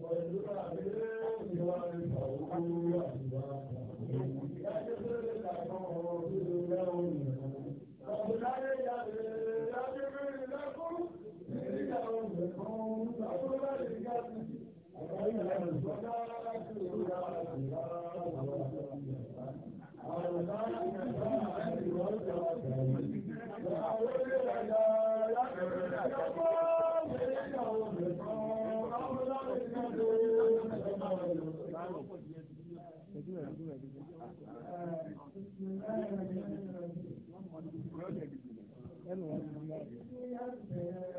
ويدعى به ويدعوه أسبابا Amen.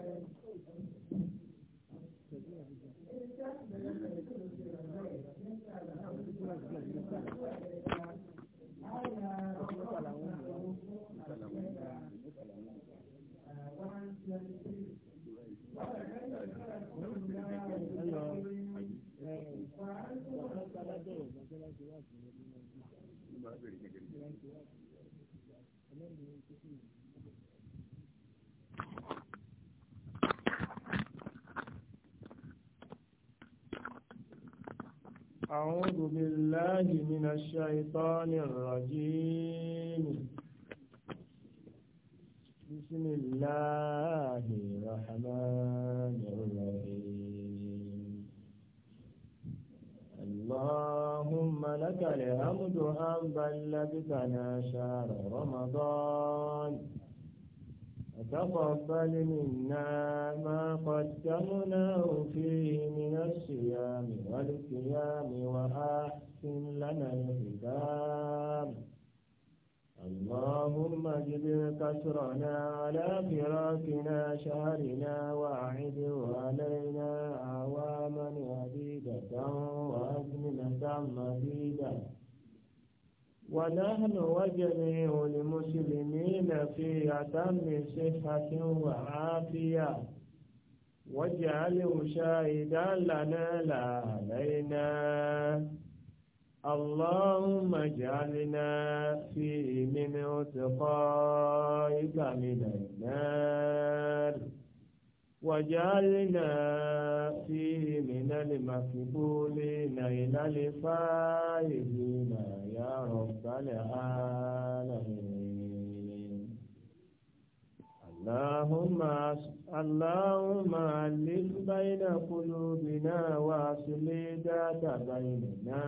أعوذ بالله من الشيطان الرجيم بسم الله الرحمن الرحيم اللهم لك الحمد أن بلغتنا شهر رمضان تقبل منا ما قدمناه فيه من الصيام والقيام وأحسن لنا الختام اللهم اجبر كسرنا على فراقنا شهرنا واعد علينا أعواما عديدة وأزمنة مديدة ونحن وجميع المسلمين في أتم صحة وعافية واجعله شاهدا لنا لا علينا اللهم اجعلنا فيه من اتقائك من النار وجعلنا فيه من المقبولين إلى الفائزين رب العالمين اللهم اللهم ألف بين قلوبنا وأصل ذات بيننا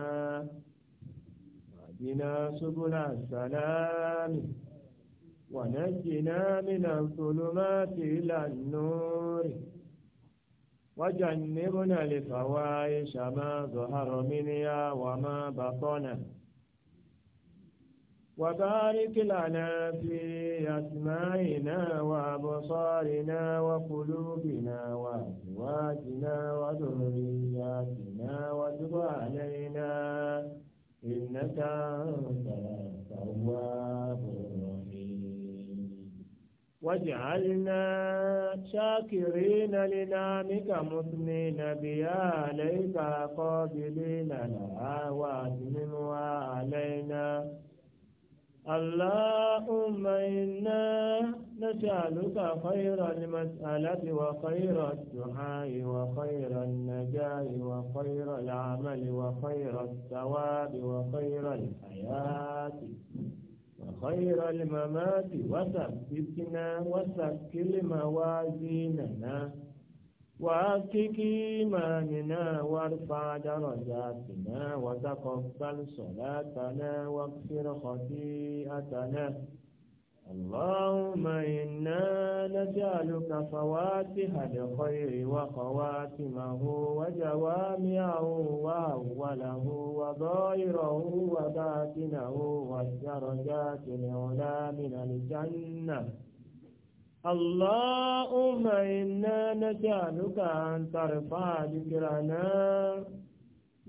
واهدنا سبل السلام ونجنا من الظلمات إلى النور وجنبنا الفواحش ما ظهر منها وما بطن وبارك لنا في أسمائنا وأبصارنا وقلوبنا وأزواجنا وذرياتنا وتب علينا إنك أنت التواب الرحيم واجعلنا شاكرين لنعمك مثنين بها عليك قابلين لها وأتممها وعلينا اللهم إنا نسألك خير المسألة وخير الدعاء وخير النجاة وخير العمل وخير الثواب وخير الحياة وخير الممات وثبتنا وثقل موازيننا وأبكك إيماننا وارفع درجاتنا وتقبل صلاتنا واغفر خطيئتنا اللهم إنا نسألك فواتح الخير وخواتمه وجوامعه وأوله وظاهره وباطنه والدرجات العلى من الجنة اللهم إنا نسألك أن ترفع ذكرنا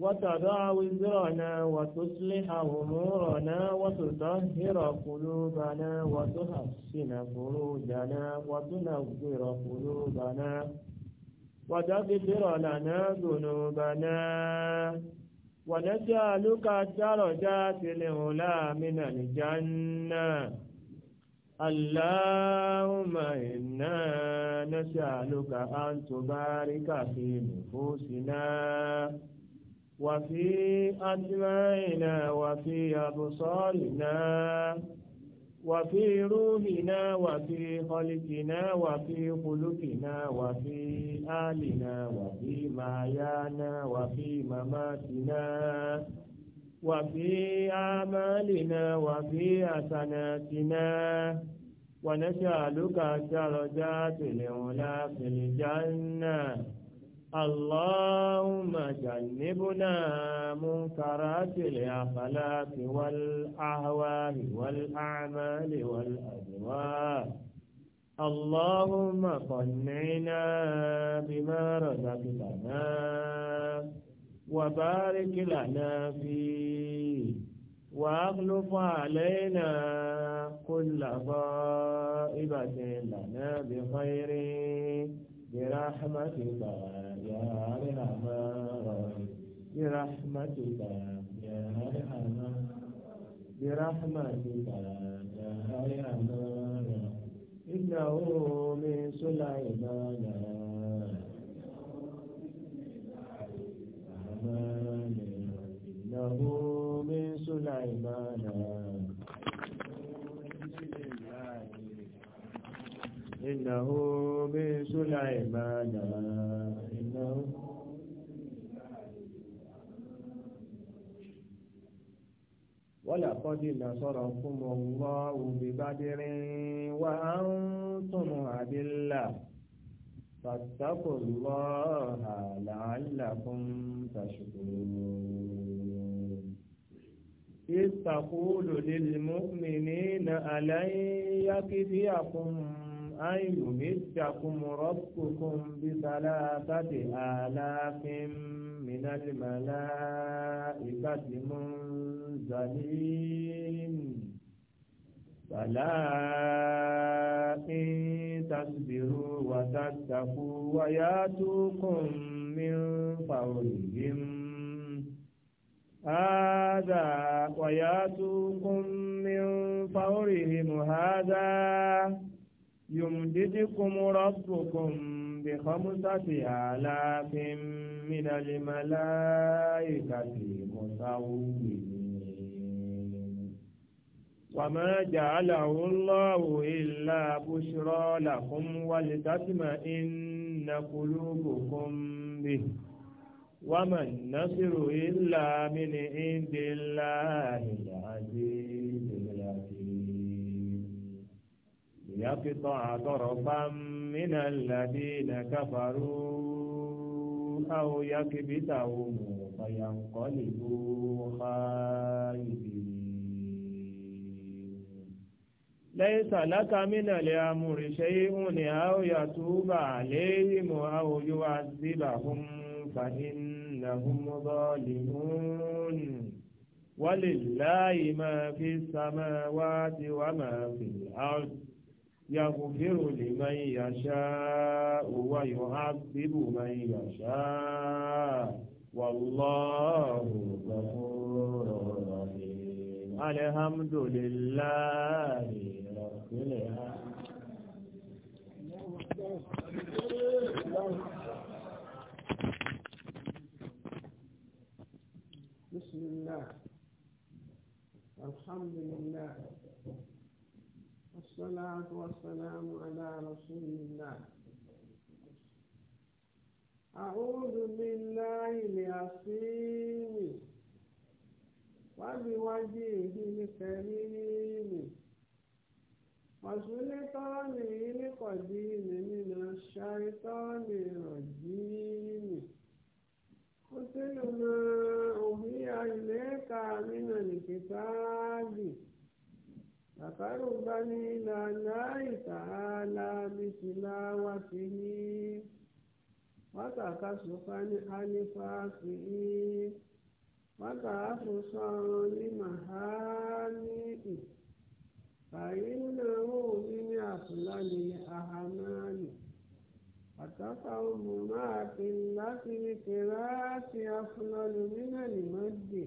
وتضع وزرنا وتصلح أمورنا وتطهر قلوبنا وتحسن فروجنا وتنور قلوبنا وتغفر لنا ذنوبنا ونسألك الدرجات العلى من الجنة اللهم إنا نسألك أن تبارك في نفوسنا وفي أسماعنا وفي أبصارنا وفي روحنا وفي خلقنا وفي خلقنا وفي آلنا وفي معيانا وفي مماتنا وفي آمالنا وفي أسناتنا ونسألك درجات العلا في الجنة اللهم جنبنا منكرات الأخلاق والأهواء والأعمال والأدواء اللهم قنعنا بما رزقتنا وبارك لنا فيه واغلف علينا كل غائبة لنا بخير برحمتك يا أرحم برحمتك يا أرحم برحمتك يا أرحم إنه من سليمان له من سليمان إنه من سليمان إنه ولقد نصركم الله ببدر وأنتم أذلة فاتقوا الله لعلكم تشكرون ìsàkúlò lèlmọ́mìnì na aláyákídíàkùn ayùmídàkùn rọ́pùkùn bísàlá tàbí àlàáfin mìnàlìmàlá ìbátìmọ́ zàlín فلا إن تصبروا وتتقوا وياتوكم من فورهم هذا وياتوكم من فورهم هذا يمددكم ربكم بخمسة آلاف من الملائكة مسومين وما جعله الله إلا بشرى لكم ولتطمئن قلوبكم به وما النصر إلا من عند الله العزيز الحكيم ليقطع طرفا من الذين كفروا أو يكبتهم فينقلبوا خائبين ليس لك من الأمر شيء أو يتوب عليهم أو يعذبهم فإنهم ظالمون ولله ما في السماوات وما في الأرض يغفر لمن يشاء ويعذب من يشاء والله غفور رحيم الحمد لله رب العالمين بسم الله الحمد لله والصلاة والسلام على رسول الله أعوذ بالله العظيم وبوجهه الكريم وسلطانه القديم من الشيطان الرجيم nínú nìkí sááàlì àkàrò bá ní ìlànà ìtàhálà bìtìlá wá sí ní wákàkà sùpá ní alifásì ní wákàáfù sọ̀rọ̀ ní màhání ì fàyè náà ní ní àfúlá ní àtàkà ọmọ máa fi láti ní kẹrẹ́ àti afúnalùmínà ní mọ́dé.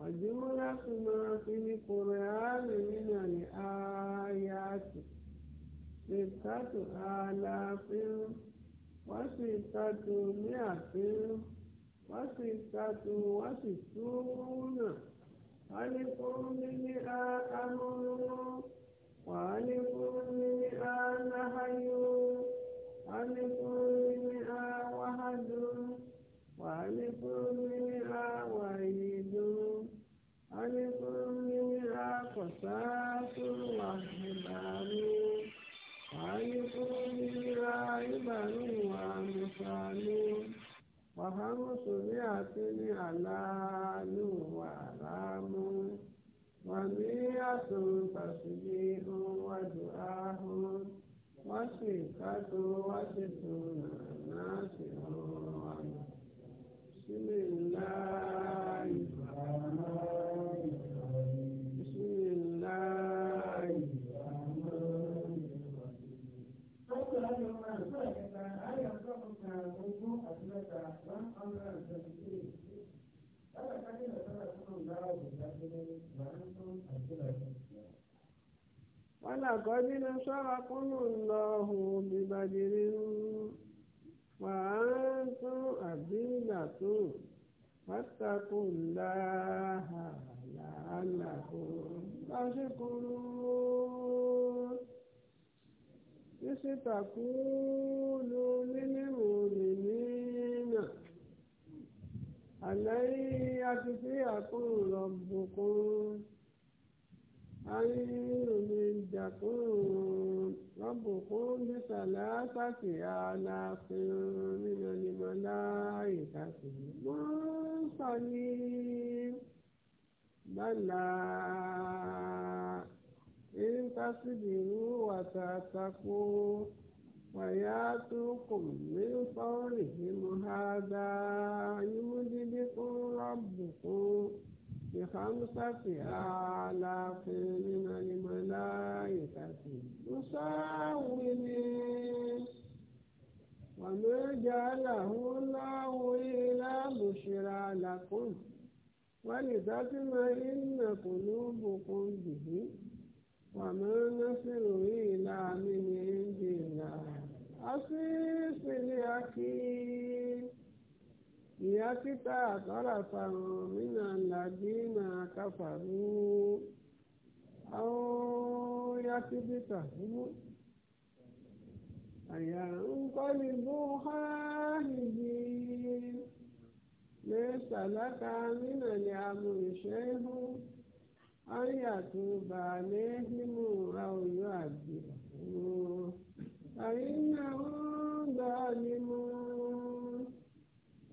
وجملة ما في القرآن من الآيات ستة آلاف وستة مئة وستة وستون ألف منها أمر وألف منها نهي ألف منها وحد وألف منها وحد anụpụrire akụtụatụ wa ụnụ arụbuịbanụwa ụụanụ gbaha tụliatụli nanụ wa amụ ban atụ batụre ọwadụ ahụ gbate atụwatetụ na nahị ọụrụa imena ولقد نصركم الله ببدر وأنتم أذلة فاتقوا الله لعلكم تشكرون إذ تقولوا للمؤمنين ألن يكفيكم ربكم àrínrìnrìn ìjàkùn rọ́bùkún bísàlá sàkè aláàfin nínú ìmọ̀lá ìtàkùn wọ́n sọ ní bàlá ìńtàsíbìrú wàtàtàkù wàyàtúkùn min fọ́ọ̀rì بخمسة آلاف من الملائكة مساومين وما جعله الله إلا بشرى لكم ولتطمئن قلوبكم به وما نصر إلا من عند الله عزيز الحكيم ìyá títà na fàrùn mínà làdínà káfàrú àwọn ìyá títà fún àyà ń kọ́lé bó háàhìhì lẹ́sà láta mínà ní àmú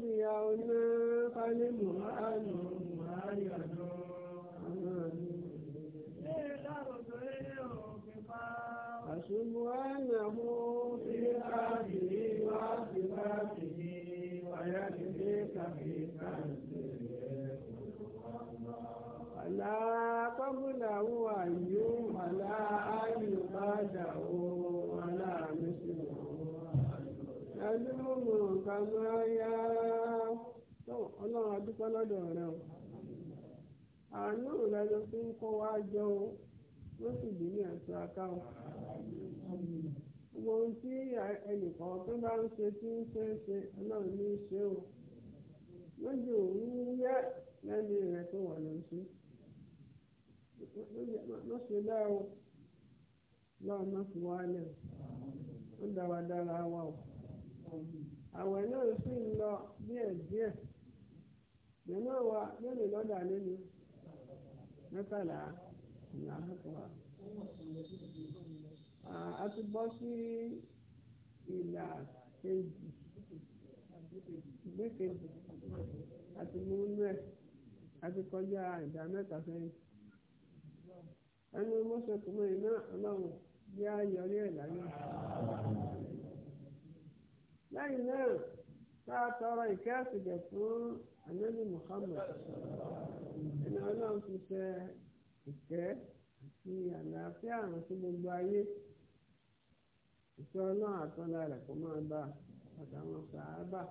bíyà ọ̀nà kálímù àánú àyàdọ̀ àṣùbù àyàmú sí káàkiri wá sí káàkiri wáyà lè kàfé káàkiri àlá kọ́bùlà wà yóò ayò bá dà ó àlá mi sí wọn. Ẹlúmọ̀ kàmáyá. dúpẹ́ lọ́dọ̀ rẹ o àánú rẹ ló fi ń kó wá jọ o ló sì ní àti aká o gbogbo ohun tí ẹnìkan tó bá ń ṣe tí ń ṣe é ṣe ọlọ́run ní í ṣe o lójú òun yẹ lẹ́nu tó wà lọ sí ló ṣe bẹ́ẹ̀ nínú wa lónìí lọ́dà lónìí mẹ́tàlá ìyá àkọ́kọ́ a ti bọ́ sí ìlà kejì gbẹ́kejì àti múnú ẹ̀ àti kọjá ìdá mẹ́ta sẹ́yìn ẹnu mọ́sọ̀kùnrin náà ọlọ́run bí a yọrí ẹ̀ láyé lẹ́yìn náà tá a tọrọ ìkẹ́ àtìgẹ̀ fún anabi muhammad ẹni ọlọ́run ti fẹ́ ìkẹ́ àti àlàáfíà àrùn sí gbogbo ayé ìfẹ́ ọlọ́run àtọ́lá rẹ̀ kó máa bá àtàwọn sàábà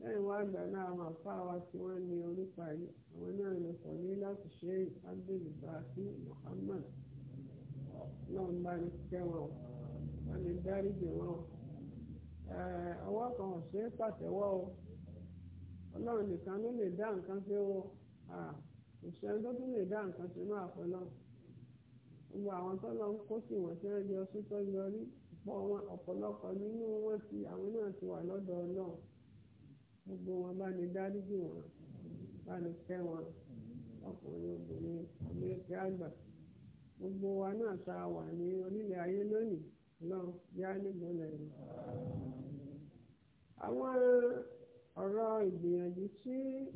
lẹ́yìn wá àgbà náà àwọn àfáà wa tí wọ́n ní orípa yìí àwọn náà lè kọ̀ ní láti ṣe ábẹ́lùbá sí muhammad náà bá ní kẹ́ wọn wọ́n lè dáríjì wọn ọwọ́ kan ò ṣeé pàtẹ́wọ́ o. ọlọ́run nìkan ló lè dá nǹkan ṣe o òṣèré tó tún lè dá nǹkan ṣe máa fọ Ọgbọ gbogbo àwọn tó lọ ń kó sí wọn tí sí tó yọrí ọ̀pọ̀lọpọ̀ nínú wọn ti àwọn náà ti wà lọ́dọ̀ náà gbogbo wà ní orílẹ̀ ayé lónìí ọ̀rọ̀ ìgbìyànjú tí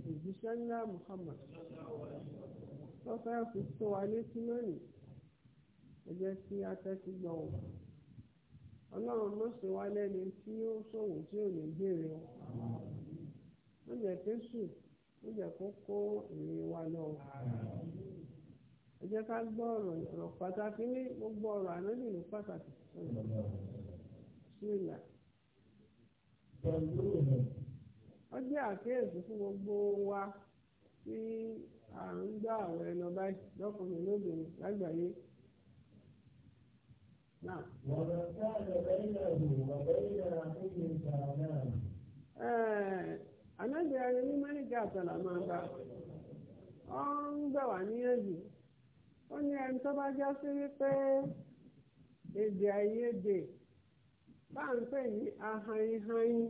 òjíṣẹ́ ńlá Muhammad tó fẹ́ fi tó wa létí lónìí ẹ jẹ́ kí a tẹ́tí gbọ́ ọ ọlọ́run ló ṣe wá lẹ́ni tí ó ṣòwò tí ò ní béèrè o ó jẹ́ kéṣù ó jẹ́ kó kó èrè wa lọ ẹ jẹ́ ká gbọ́ ọ̀rọ̀ ọ̀rọ̀ pàtàkì ní gbogbo ọ̀rọ̀ ànájì ní pàtàkì sí ìlà. ó jẹ́ àkíyèsí fún gbogbo wa tí à ń gbà àwọn ẹnu báyìí lọ́kùnrin lóbìnrin lágbàáyé. Ànábì ayé ní Mẹ́ríkà àtàlà máa bá. ọ ń gbà wá níyànjú. Ó ní ẹni tó bá já sí wípé èdè àìyedè ń pè ní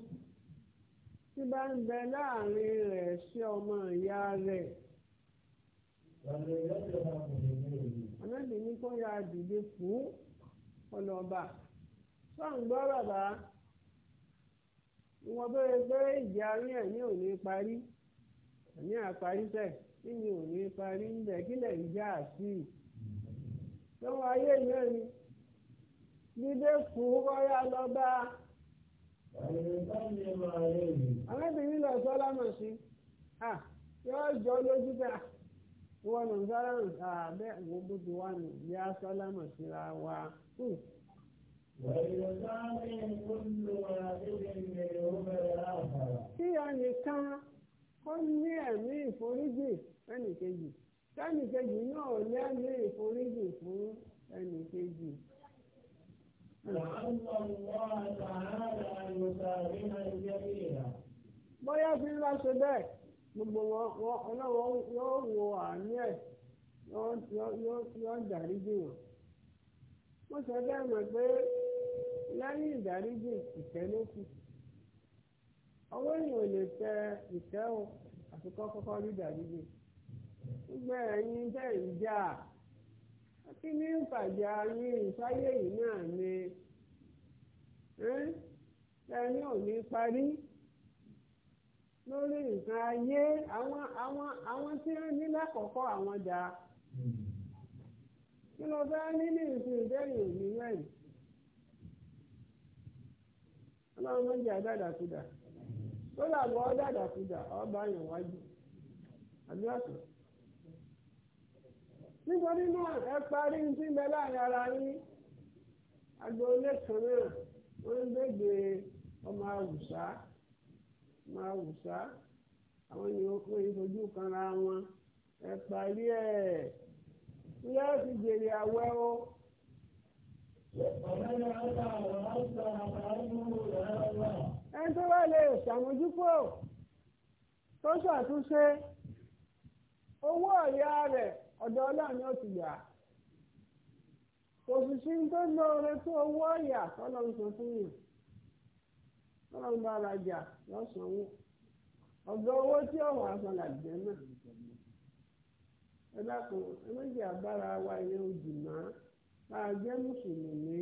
tí bá ń bẹ láàrin rẹ̀ sí ọmọ ìyá rẹ̀. Ànábì ní kó ya dìde fún ọlọ́ba. Sọ́ọ̀n gbọ́ bàbá. Ìwọ̀n bẹ́rẹ̀ pé ìjà rí ẹ̀mí ò ní parí. Ẹ̀mí àparí tẹ̀. Kíni ò ní parí ń bẹ̀ kílẹ̀ ìjà sí i. Lọ́wọ́ ayé ìlú ẹ̀mí. Dídé fún kọ́ra lọ́ba arábìnrin lọ sọ lámà sí yóò jọ lójú pé wọn ò sára bẹ́ẹ̀ gbogbo ti wà nù bí a sọ lámà síra wa. Hmm. kí ẹnìkan kó ní ẹ̀mí ìforíjì ẹnìkejì ẹnìkejì náà lẹ́mí ìforíjì fún ẹnìkejì. لعل الله تعالى أن يسامح الجميع. bóyá fi ńlá ṣe bẹ́ẹ̀ gbogbo wọn ọlọ́wọ́ yóò wo àánú ẹ̀ yóò ń wọn. mo sọ bẹ́ẹ̀ mọ̀ pé lẹ́yìn ló kù. ọwọ́ èèyàn ò lè tẹ ìfẹ́ o àfikọ́ kọ́kọ́ rí ìdáríjì. gbogbo ẹ̀yin bẹ́ẹ̀ ń jà kí ìpàdé ayé ìsáyé yìí náà ẹni ò ní parí lórí nǹkan ayé àwọn àwọn àwọn tí wọ́n ní lákọ̀ọ́kọ́ àwọn dà kí ló bá ní ní ìsìn ìdẹ́yìn òní mẹ́rin ọlọ́run ló ń jẹ́ àdàdàkúdà tó làbọ̀ ọ̀dàdàkúdà ọba yàn wájú àbí nítorí náà ẹ parí ń bẹ láàrin ara yín wọ́n ń ọmọ àwùsá ọmọ àwùsá àwọn ènìyàn kó ìfojú kanra wọn ẹ parí ẹ ilé ti jèrè àwẹ o. ẹni tó bá lè ṣàmójúpò tó ṣàtúnṣe owó ọ̀yà rẹ̀ ọ̀dọ̀ ọlọ́run ti gbà kò sì sí ní tó tó owó ọ̀yà sọ fún yìí. ọlọ́run bá rajà lọ́sàn-án ọ̀gá owó tí ọ̀wọ́ asan làjẹ́ náà ẹ dákun ẹ méjì àbára wa ìyẹn òjì má bá a jẹ́ mùsùlùmí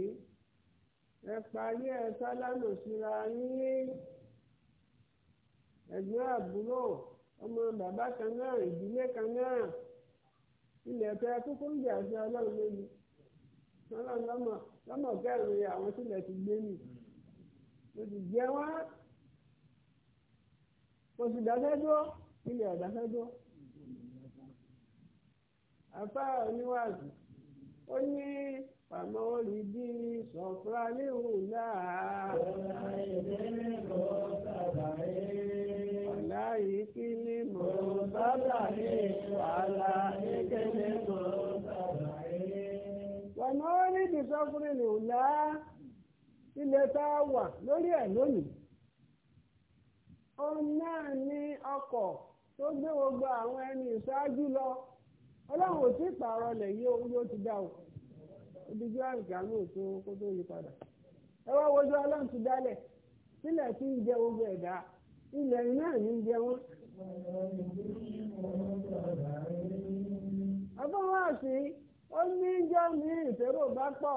ẹ parí ẹ sálámù síra yín ẹ̀gbọ́n àbúrò ọmọ bàbá kan náà ìdílé kan náà ilẹ̀ tẹ kúkú ń jà sí ọlọ́run lónìí ọlọ́run lọ́mọ lọ́mọ kẹrin àwọn tilẹ̀ ti gbé nìyí mo sì jẹ wọ́n mo sì dáfẹ́ dúró ilẹ̀ ọ̀dáfẹ́ dúró afá oníwàásù ó ní pàmò olùdí sọ̀fúra léhùn náà. ọ̀la ìdílé kò sàbàyé. ọ̀la ìkíni mò ń sàbàyé. ọ̀la ìkíni mò ń sàbàyé. pàmò olùdí sọ̀fúra léhùn náà. ile taa a wà lórí ẹ̀ lónìí òun náà ní ọkọ tó gbé gbogbo àwọn ẹni ìṣáájú lọ ọlọ́run ò tí ì pààrọ̀ lẹ̀ yí owó yóò ti dá o ìdíjú tó kó tó yí padà ẹ wá wojú ọlọ́run ti dálẹ̀ sílẹ̀ tí ń jẹ gbogbo ẹ̀dá ilẹ̀ náà ní jẹ wọ́n. ọgbọ́n wá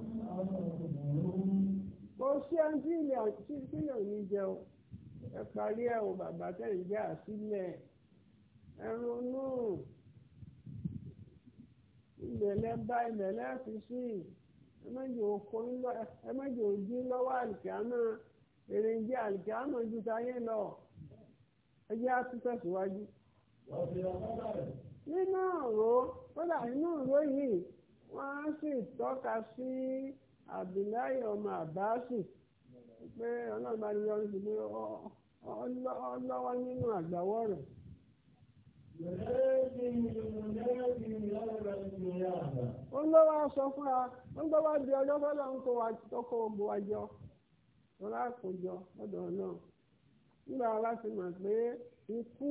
kò sí ẹni tí ilẹ̀ ọ̀tí tí yóò jẹun ẹ parí ẹ o bàbá tẹ̀ ń jẹ́ àsílẹ̀ ẹ ronú ìbẹ̀lẹ̀ bá ìbẹ̀lẹ̀ fi sí ẹ mẹ́jọ òdí lọ́wọ́ àlìkámà èrè ń ju táyé lọ ẹ jẹ́ àtúntẹ̀síwájú. nínú ọ̀rọ̀ kódà nínú ọ̀rọ̀ yìí wọ́n á sì tọ́ka sí. Si, abdullahi ọmọ abbasu pé ọlọ́run ọnọdụ ní lọ́rùn sí ọlọ́wọ́ nínú àgbàwọ́ rẹ̀. ó lọ́wọ́ sọ fún wa ó gbọ́ wá di ọjọ́ fẹ́lẹ́ ń kó ọkọ̀ ogun wa jọ ọ̀dọ̀ náà nígbà láti mọ̀ pé ikú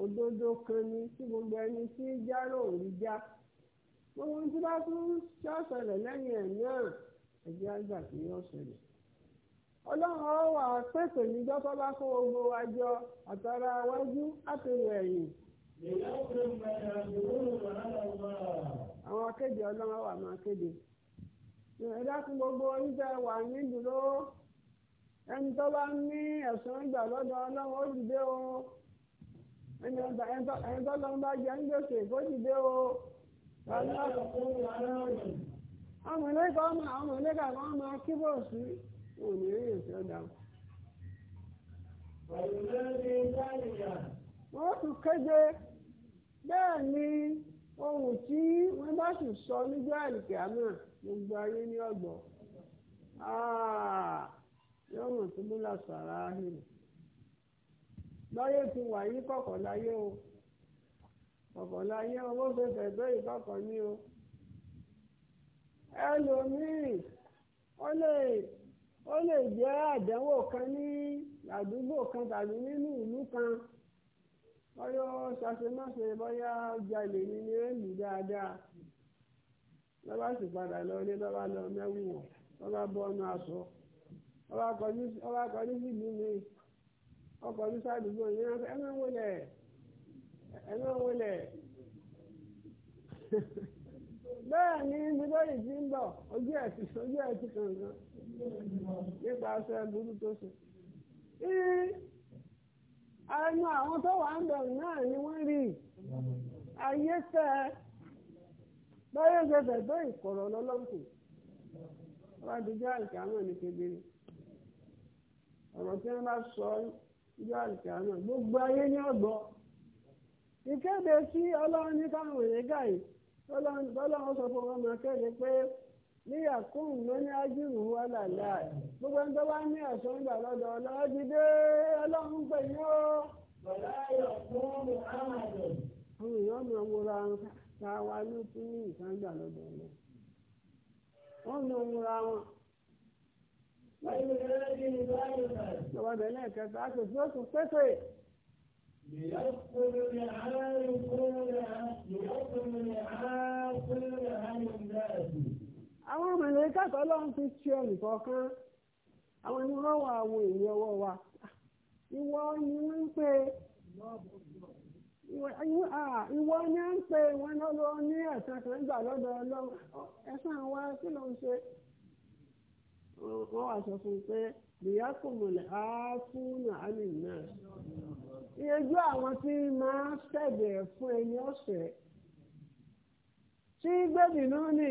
òdodo kan ni tí gbogbo ẹni tí járó já. gbogbo ohun tí bá tún ṣàṣẹlẹ̀ lẹ́yìn ẹ̀ náà ẹ̀jẹ̀ àgbà tí yóò ṣẹlẹ̀ ọlọ́run ọ wà níjọ́ tó bá kó gbogbo wa àtàrà wájú àtẹ̀wẹ̀ ẹ̀yìn. àwọn akéde ọlọ́run ọ wà máa ẹ dákun gbogbo oníṣẹ́ wà nídùúró ẹni tó bá ní ẹ̀sùn ìgbà lọ́dọ̀ ọlọ́run ó dìde o ẹni tó lọ́n bá jẹ́ ń gbèsè kó dìde o ọmọ wọ́n tún kéde bẹ́ẹ̀ ni ohun tí wọ́n bá sì sọ níjọ́ àlùkè àmà gbogbo ayé ní ọ̀gbọ̀ ah, yóò mọ̀ tó mú làṣà ara rẹ̀ lọ́yẹ̀ wà yí kọ̀kọ̀ láyé o. ọ̀pọ̀lọ ayé owó gbèsè gbé ìkọ̀kọ̀ ní o ẹlòmíì ó lè ó lè jẹ́ àdánwò kan ní àdúgbò kan tàbí nínú ìlú kan bóyá ṣàṣemáṣe bóyá jalè ní ní èlù dáadáa lọ́ba sì padà lọ ilé lọ́ba lọ mẹ́wù lọ́ba bọ́ ọ́nà ọba kọjú mi ọkọ̀ ní sádùúgbò yẹn ẹ máa ń wọlé ẹ ló wọlé bẹ́ẹ̀ ni bíbélì ti ń bọ̀ ojú ti ojú ti kankan nípa aṣọ tó ṣe. ẹnu àwọn tó wà ń náà ni wọ́n rí ayé báyé gbẹ̀gbẹ̀ tó ìkọ̀rọ̀ lọ́lọ́kù wọ́n ti jẹ́ àìkàmọ́ ní kedere ọ̀rọ̀ tí wọ́n bá sọ gbogbo ayé ní ìkéde sí ọlọ́run ní káwọn èèyàn gà yìí ọlọ́run sọ fún ọmọ kéde pé níyàkùn ló ní ájúrù wà lálẹ́ àì gbogbo ẹni tó bá ní ẹ̀sọ́ ń gbà lọ́dọ̀ ọlọ́run ti dé ọlọ́run pè ní ó. bọ̀dá yọ̀ fún àwọn èèyàn máa wọra ní lọ́dọ̀ wọ́n wọra wọn. ليصلها يقولها ليصلها كلها للناس àwọn ọmọ ha kàtọ́ ha ti ṣe ẹnìkan kan àwọn ẹni wọ́n wà àwọn èèyàn ọwọ́ wa ìwọ ni wọ́n ń pè ìwọ ni wọ́n ń pè wọ́n lọ́lọ́ ní ẹ̀sán kan gbà lọ́dọ̀ ọlọ́run ẹ̀sán wa kí ló ń ṣe wọ́n wà sọ fún un pé lìyàkùnmọ̀lẹ̀ ha àmì náà. ìyẹjú àwọn tí máa ṣẹ̀bẹ̀ fún ẹni ọ̀sẹ̀ tí gbẹ̀bìnú ni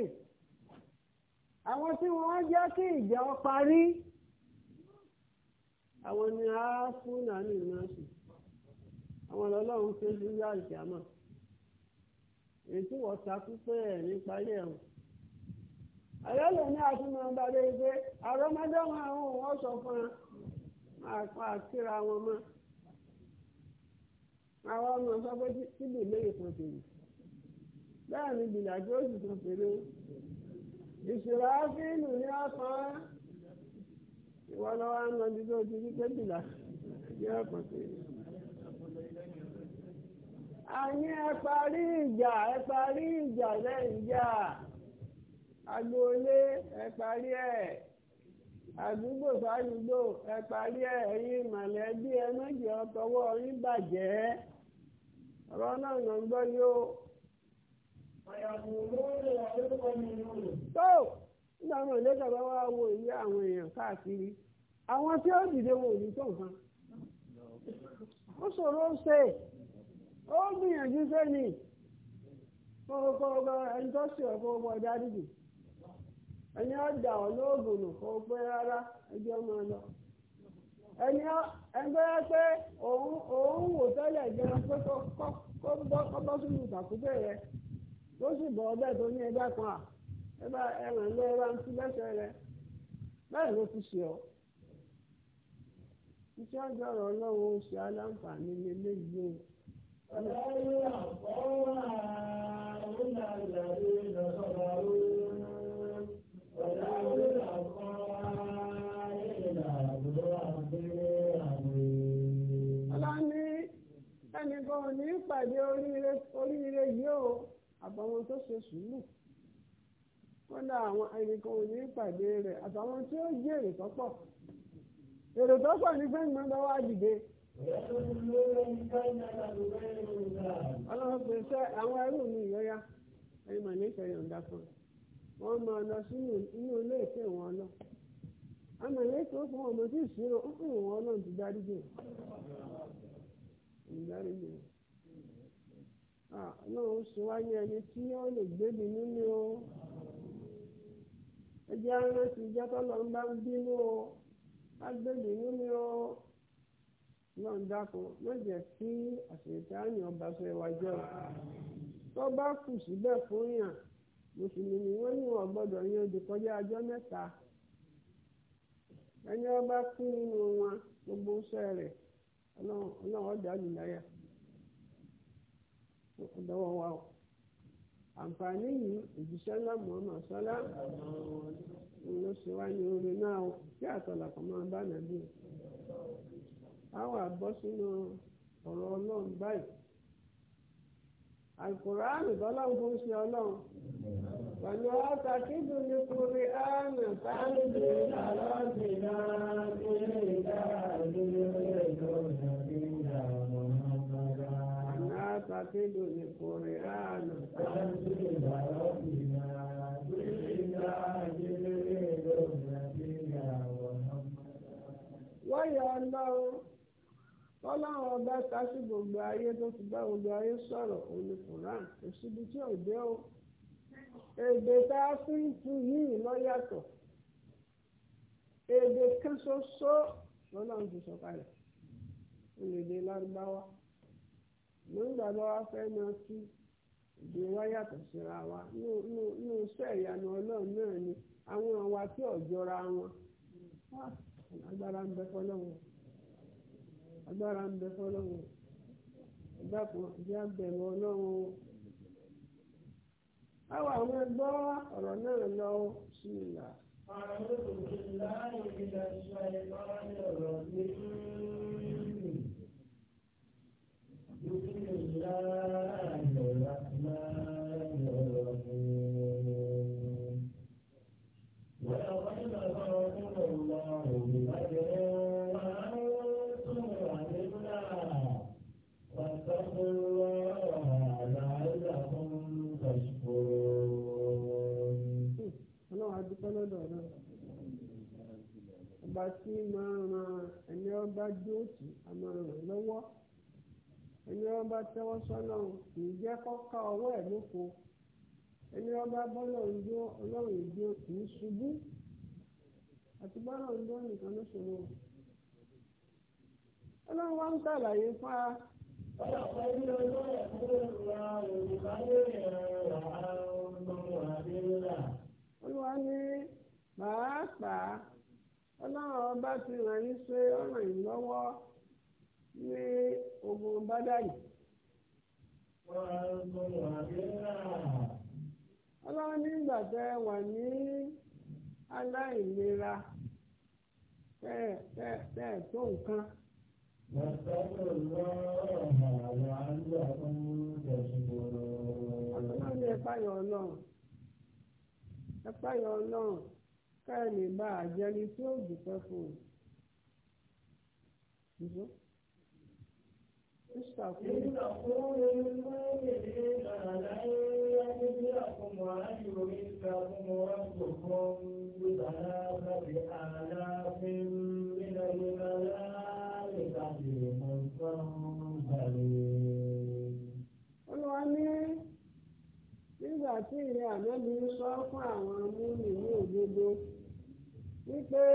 àwọn tí wọ́n jẹ́ kí ìjà ọ parí àwọn ni a fún nàánú ìnáṣì àwọn ọlọ́run tó ń yá ìjàmọ̀ èyí tí wọ́n takú pé ẹ̀ nípa ilé ẹ̀wọ̀n àyọ́lẹ̀ ní àtúmọ̀ ọba lè gbé àrọ́mọdé wọn àwọn òun ọ̀sọ̀ fún wa máa pa àkíra wọn mọ́ àwọn ọmọ sọ pé kíbi lóye kan fèrè bẹ́ẹ̀ ni bìlàjì ó sì kan fèrè ìṣòro áfíìlù ní ọ̀sán ìwọ lọ́wọ́ ń lọ bí tó ti rí pé bìlà yóò kan fèrè. àní ẹ parí ìjà ẹ parí ìjà lẹ́yìn ìjà agboolé ẹ parí ẹ̀. àdúgbò fàdúgbò ẹ parí ẹ ẹ̀yin mọ̀lẹ́bí ẹ méjì ọtọwọ́ yín bàjẹ́ ọ̀rọ̀ náà ló ń gbọ́ yóò. tó nígbà wọn ò lẹ́sẹ̀ bá wá wo ilé àwọn èèyàn káàkiri àwọn tí ó dìde wo tó nǹkan ó ṣòro ṣe ó gbìyànjú sẹ́ni kó kó ẹni tó ṣe ọ̀pọ̀ ọmọ ẹni ọjà dị kò pé rárá ẹjọ́ máa lọ ẹni ẹgbẹ́ pé òun wò tẹ́lẹ̀ jẹun pé kó bọ́ sínú ìtàkùnfẹ́ rẹ ló sì bọ̀ ọbẹ̀ tó ní ẹgbẹ́ kan à ẹgbẹ́ ẹ̀rọ ẹgbẹ́ ẹgbẹ́ ń tú lẹ́sẹ̀ rẹ bẹ́ẹ̀ ló ti ṣe ọ́ iṣẹ́ ọlọ́run ṣe aláǹfààní o. ò ní pàdé oríire yìí o tó ṣe sùúrù kódà àwọn ẹnìkan ò ní pàdé rẹ̀ àtàwọn tí ó jèrè èrò tọ́pọ̀ ní pé ìmọ̀ lọ́wọ́ dìde ọlọ́run pèsè àwọn ẹrú mi ìyọ́yá ẹni kan wọ́n máa lọ inú ilé ìfẹ́ wọn lọ àmọ̀ ilé ìfẹ́ ìgbẹ́rin mi ọlọ́run ṣe wá ní ẹni tí ó lè nínú o ẹjẹ́ rántí ìjọ ń bá ń o á gbébi nínú o náà ń dákun má jẹ́ ọba o tó bá kù síbẹ̀ fún yàn mùsùlùmí wọn ní wọn gbọ́dọ̀ yan odi kọjá mẹ́ta ẹni ọba kú nínú wọn gbogbo ọlọ́run ọjà lù láyà ọ̀dọ́wọ́ wa o àǹfààní yìí òjíṣẹ́ ńlá mọ̀ọ́mọ̀ sọ́lá ló ṣe wá ní orin náà kí àtọ̀là máa bá nàbí o. a wà bọ́ sínú ọ̀rọ̀ ọlọ́run báyìí. alukóraánù bọ́lọ́run tó ń ṣe ọlọ́run pẹ̀lú ọ̀sà kíndù ní kúrẹ́ àánú sáńdì aláǹdì náà ti lè dá àdúgbò ìjọba ìgbà ọ̀nàmọ́gbàdá. aláǹsà kíndù ní kúrẹ́ àánú sáńdì aláǹdì náà ti lè dá àdúgbò ìjọba ìgbà ọ̀nàmọ́gbàdá. wọ́n yọ ọlọ́run. ọlọ́run ọba kásí gbogbo ayé tó ti bá gbogbo ayé sọ̀rọ̀ òun ni Quran kò síbi tí ò dé o èdè tá a fi ń yìí lọ yàtọ̀ èdè kan ṣoṣo lọ́lọ́run ti sọ kalẹ̀ olèdè lárúbáwá nígbà fẹ́ na èdè yàtọ̀ wa iṣẹ́ ìyanu ọlọ́run náà ni àwọn àwa tí ò ah, agbára ń bẹ agbára ń bẹ fọlọ́run ìgbàpọ̀ ìjà bẹ̀rù ọlọ́run o. báwo àwọn gbọ́ ọ̀rọ̀ náà lọ sí ìlà. àwọn olùkọ́ láàyè ìgbà ìṣúná ẹ̀fọ́ ní ọ̀rọ̀ ní ọba tí máa ran ẹni ọba dúró tì á máa ràn lọ́wọ́ ẹni ọba tẹ́wọ́ sọ́nà kì í jẹ́ kọ́ka ọwọ́ ẹ̀ lóko ẹni ọba bọ́lọ̀ ń dúró ọlọ́run ìdúró kì í ṣubú àti bọ́lọ̀ ń dúró nìkan ló ṣòro ọlọ́run wá ń fún wa. olúwa ní pàápàá. ọlọ́run ọba ti ràn yín ṣe ọ̀ràn yín lọ́wọ́ ní ogun bádàlì. ọlọ́run nígbà tẹ wà ní aláìlera tẹ tó nǹkan. Ọlọ́run ẹ páyọ̀ ọlọ́run. Ẹ páyọ̀ ọlọ́run. káàní bá àjẹni tí ó dùpẹ́ fún un. Ìjọ. Ìṣà fún mi. Ìṣà fún mi ní ìdílé àlàyé yẹ́nì bí àkùnmọ̀ aláìrò ìta fún wọn kò kọ́ gbígbà lábàbí àlàáfin nínú ìlú aláàlè tàbí ọ̀sán balẹ̀. Olúwa ní nígbà tí ìrìn àná mi sọ fún àwọn amúnimú òdodo. wípé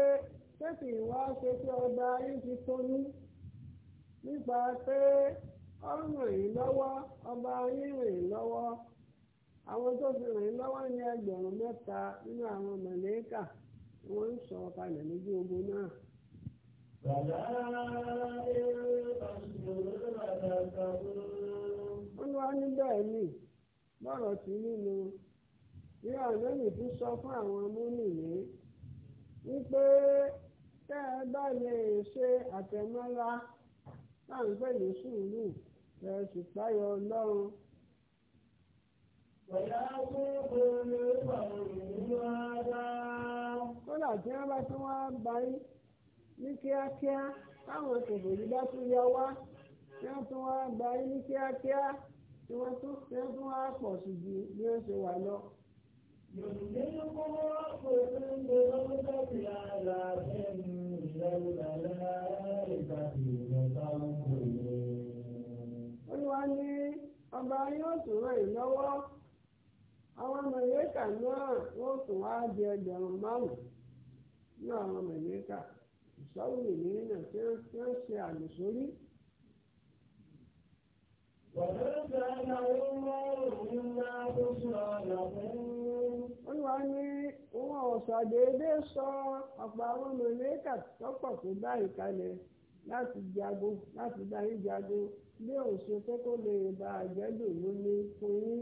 tẹ́sí wá ṣe pé ọba yín ti tóní nípa pé ọ ràn yín lọ́wọ́ ọba yín ràn yín lọ́wọ́ àwọn tó fi ràn yín lọ́wọ́ ní ẹgbẹ̀rún mẹ́ta nínú àwọn mọ̀lẹ́kà wọ́n ń sọ kalẹ̀ lójú ogun náà. Bàbá ẹ̀rọ àṣùwọ̀n bàbá kàwọ́. Wọ́n wá ní bẹ́ẹ̀ ni bọ́rọ̀ tí nínú bí àlẹ́ mi sọ fún àwọn múnìyàn. wípé tẹ́ ẹ bá lè ṣe àtẹ̀mọ́ra náà ní sùúrù ẹ̀ sì páyọ ọlọ́run. Bọ̀dá tó kọ́ni wà nínú ara. Kódà tí wọ́n bá tún wá bá yín ní kíákíá táwọn kòkò yìí bá tún yọ wá tí wọ́n tún wá bá yín ní kíákíá tí wọ́n tún wá pọ̀ sí ju bí wọ́n ṣe wà lọ. يمكنكم ربكم بغلبة عذاب من الملائكة وتنقلون ọba yóò tún ràn yín lọ́wọ́ àwọn mẹ̀lẹ́kà náà wọ́n tún wá di ẹgbẹ̀rún márùn-ún ní àwọn mẹ̀lẹ́kà ìṣọ́wò ìlérí náà tí wọ́n ṣe àmì sórí. wọ́n ló ń náà ọ̀nà fún wọ́n wá ní wọn ò ṣàdédé sọ ọ̀pọ̀ àwọn mọ̀lẹ́kà tọ́pọ̀ tó báyìí kalẹ̀ láti jago láti báyìí jago bí òun ṣe pé kó lè ba àjẹ́dùn ló fún yín.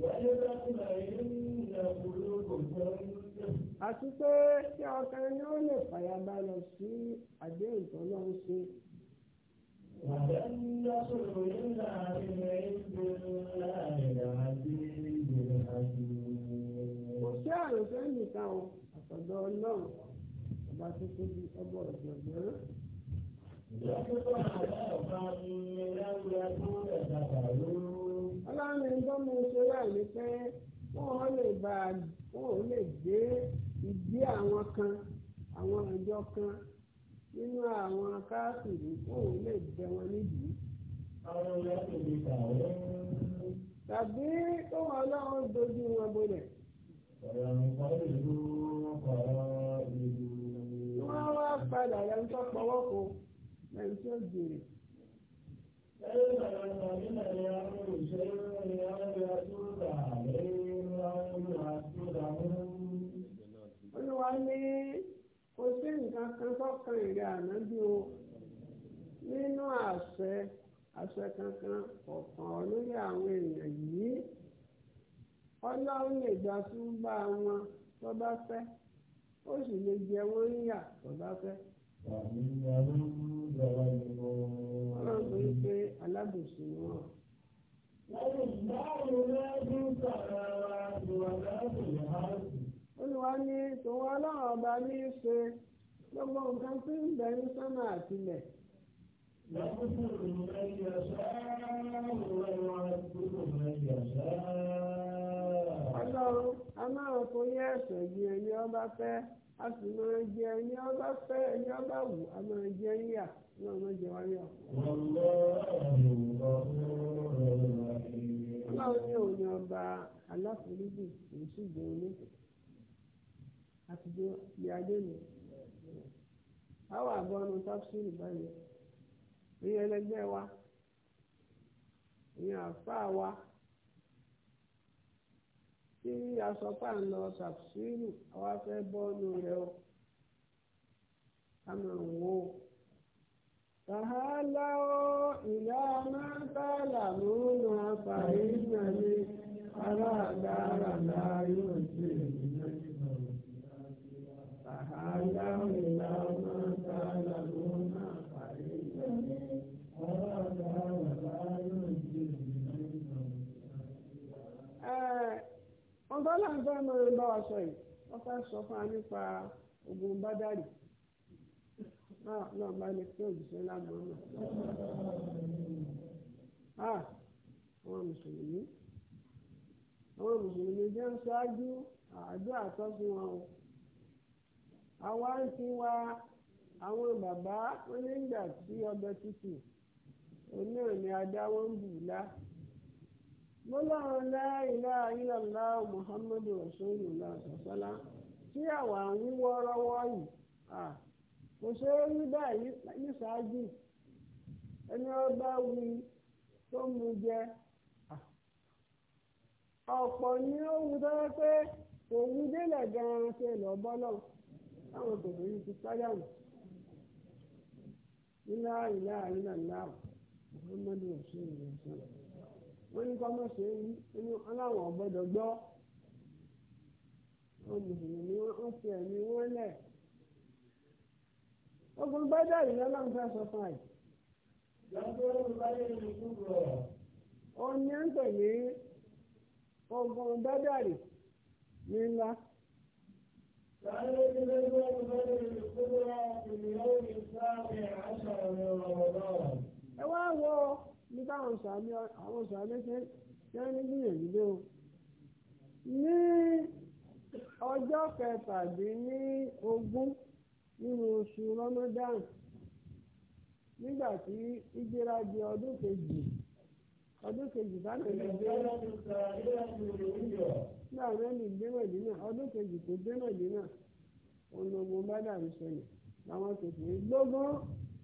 wáyé ń yà kúrò kò àti pé kí ọkàn ni ó lè fàyàbalẹ̀ sí àdéhùn tó ń ṣe. jẹ́ àròsẹ́ nìkan o àtọ̀dọ̀ ọlọ́run ọba tó tóbi ọba ọ̀jọ̀gbọ́n. ọlọ́run ń bọ́ mi ṣe wà ní pé wọ́n ò lè bá wọ́n ò lè dé ìdí àwọn kan àwọn àjọ kan nínú àwọn káàkiri wọ́n ò lè jẹ wọn nídìí. tàbí kó wọn ọlọ́run dojú wọn bolẹ̀. Wọ́n wá padà lẹ́nu tó pọwọ́ kò lẹ́nu tó jèrè. Olúwa ní kò sí nǹkan kan tọ́kan ìrẹ́ ànájú o nínú àṣẹ àṣẹ kankan ọ̀kan lórí àwọn èèyàn yìí. ọlọ́run lè gbà túbà wọn tó bá fẹ́ ó sì lè jẹ wọ́n níyà tó bá fẹ́. ọlọ́run pé pé alábòsí ni wọ́n. olùwà ni tòun ọlọ́run ọba ní í ṣe gbogbo nǹkan tí ń bẹ ní sánmà àtìlẹ̀. a máa forí ẹ̀sẹ̀ jẹ ẹni ọba fẹ́ a sì máa jẹ ẹni ọba fẹ́ ẹni ọba wù a máa jẹ níyà náà máa jẹ wáyé ọ. ní ọba àtijọ́ ìyá adé mi báyìí ìyẹn wa ìyẹn àfáà wa. tí asọ́pá ń lọ ṣàfùsírù àwa fẹ́ bọ́ọ̀lù rẹ̀ o kánà wò ó. Tàhálà ó ìyá máa tààlà lóòrùn àfàrí ìgbàlè ará àdára láàárín òjì ènìyàn. Tàhálà ó ìyá máa. bọ́lá ń bá ọmọ rẹ bá wa sọ yìí wọ́n fẹ́ sọ fún wa nípa ogun bádàrí ah, náà bá lè pé òjìṣẹ́ lágbọ́n náà ah, àwọn mùsùlùmí àwọn mùsùlùmí jẹ́ ń ṣáájú àjọ àtọ́sí wọn o àwa ń ti wa àwọn bàbá onígbà tí ọbẹ̀ tútù òun náà ń bù lá. lọ́lọ́run láìlá ayélujára muhammadu rasulullah àtàsálá tí àwa ń wọ́ọ́rọ́wọ́ yìí kò ṣeé rí báyìí níṣáájú ẹni ọba wi tó mu jẹ ọ̀pọ̀ ni ó wù tọ́lá pé òun délẹ̀ gan-an ṣe lọ bọ́lọ̀ táwọn tòun ti sáyàmù nílá ìlà ìlànà wọ́n ní kọ́mọ́ ṣe é rí inú aláwọ̀ ọ̀gbọ́dọ̀ gbọ́ wọn mùsùlùmí wọn fi ẹ̀mí wọn lẹ̀ ogun gbọ́dọ̀ ìlú ọlọ́run sọ fún àyè. ìjọba olóògùn bá lè ní kúrò. ó ní ń pè ní ogun gbọ́dọ̀rì nílá. ẹ wá wo. ní káwọn sàmì àwọn sàmì ṣe jẹ́ gbìyànjú lé ní ọjọ́ kẹtàdínlógún nínú oṣù ramadan nígbà tí ìjìra di ọdún kejì ọdún kejì bákan náà dé nígbà mẹ́rin dé mẹ́dínà ọdún kejì tó dé mẹ́dínà ọ̀nà ọmọ bá dàrú ṣẹlẹ̀ làwọn kò sí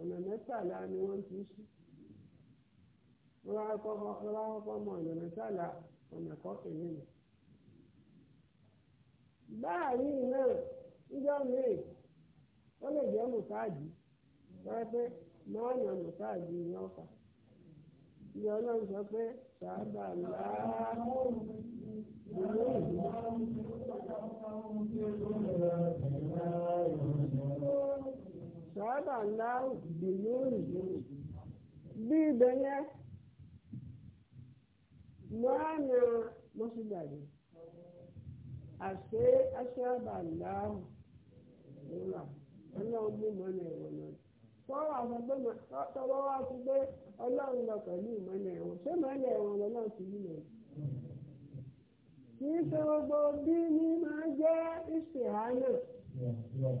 ọ̀nà mẹ́tàlá ni wọ́n ti sí lọ́wọ́ kọ́kọ́ mọ ọ̀nà mẹ́tàlá ọ̀nà kọ́kẹ́lẹ́ nù. báàrí náà níjọ́ míì ó lè jẹ́ mùsáàjì wọ́n pé mọ́ọ̀nà mùsáàjì ni wọ́n fà ìyá ọlọ́run sọ pé sábà láàá ìlú ìlú. sábà náà bìlú ìlú bí ibẹ̀ yẹn mọ́nà mọ́sídàdì àṣé aṣáàbà náà wúrà ọlọ́run ní mọ́nà ẹ̀wọ̀n náà tọ́wọ́ àfọ̀gbọ́n tọ́wọ́ wá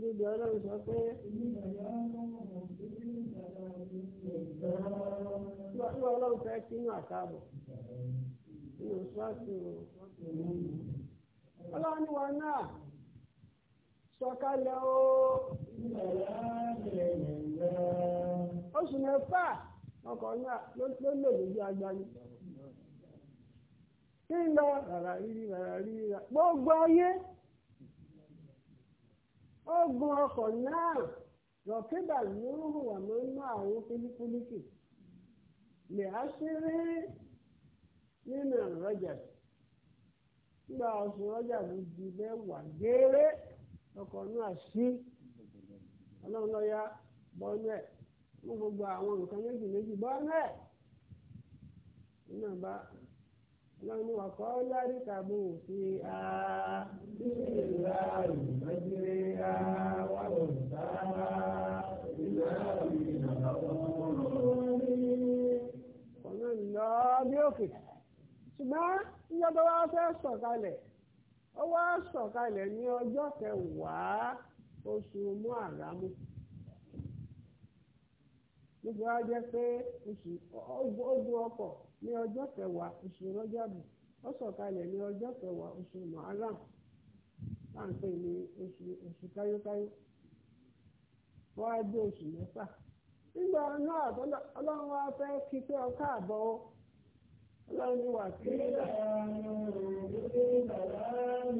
níbi ọlọ́run sọ oṣù mẹ́fà ọkọ̀ náà ló lè lójú agbani kí n lọ rárá rárá gbogbo ayé. ó gun ọkọ̀ náà rọ̀kídà yóò hùwà máa ń ná àwọn lè á sí rí nínú ìrọ̀jà nígbà ọ̀sùn rọ́jà ló di mẹ́wàá gééré ọkọ̀ náà sí ọlọ́run bọ́ọ̀nẹ́ mú gbogbo àwọn nǹkan méjì méjì bọ́ọ̀nẹ́ nínú lọ́nu ọ̀kọ́ lórí kàbù sí a. ìlà ìmọ̀jìrì a wà lóòótá ìlà ìmọ̀jìrì ọ̀nà lọ bí òkè ṣùgbọ́n ìjọba wa fẹ́ sọ̀kalẹ̀ ó wá sọ̀kalẹ̀ ní ọjọ́ kẹwàá oṣù níbi wá jẹ́ pé oṣù ojú ọkọ̀ ní ọjọ́ kẹwàá oṣù rọ́jàbù ó sọ̀kalẹ̀ ní ọjọ́ kẹwàá oṣù muharram tá osu ní oṣù káyókáyó wọ́n á dé oṣù mẹ́fà nígbà náà ọlọ́run wá fẹ́ kí pé ọkọ̀ àbọ̀ ọlọ́run ní wà ọlọ́run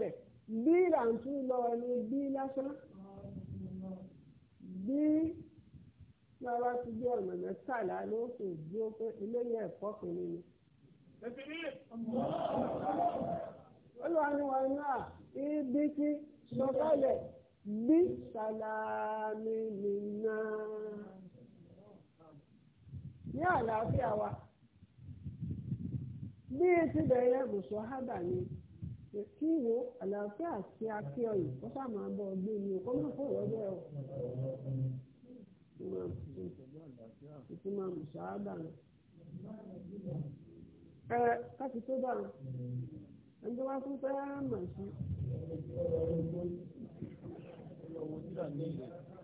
ní bí bàbá ti jẹ́ ọ̀nà mẹ́tàlá ló sì dúró pé eléyìí ẹ̀kọ́ kìíní ni. olùwàníwàní náà ibi tí sọ̀kalẹ̀ bí sàlámì náà ní àlàáfíà wa bí ti bẹ̀rẹ̀ mùsùlùmí kí wo àlàáfíà àti akíọ yìí wọ́n sá máa bọ̀ gbé mi o kọ́ mọ̀ fún ìrọ́jẹ́ o. Ìtú máa mú sáábà rẹ̀. Ẹ káfí tó bá wọn. Ẹni tó wá tún fẹ́ mà sí.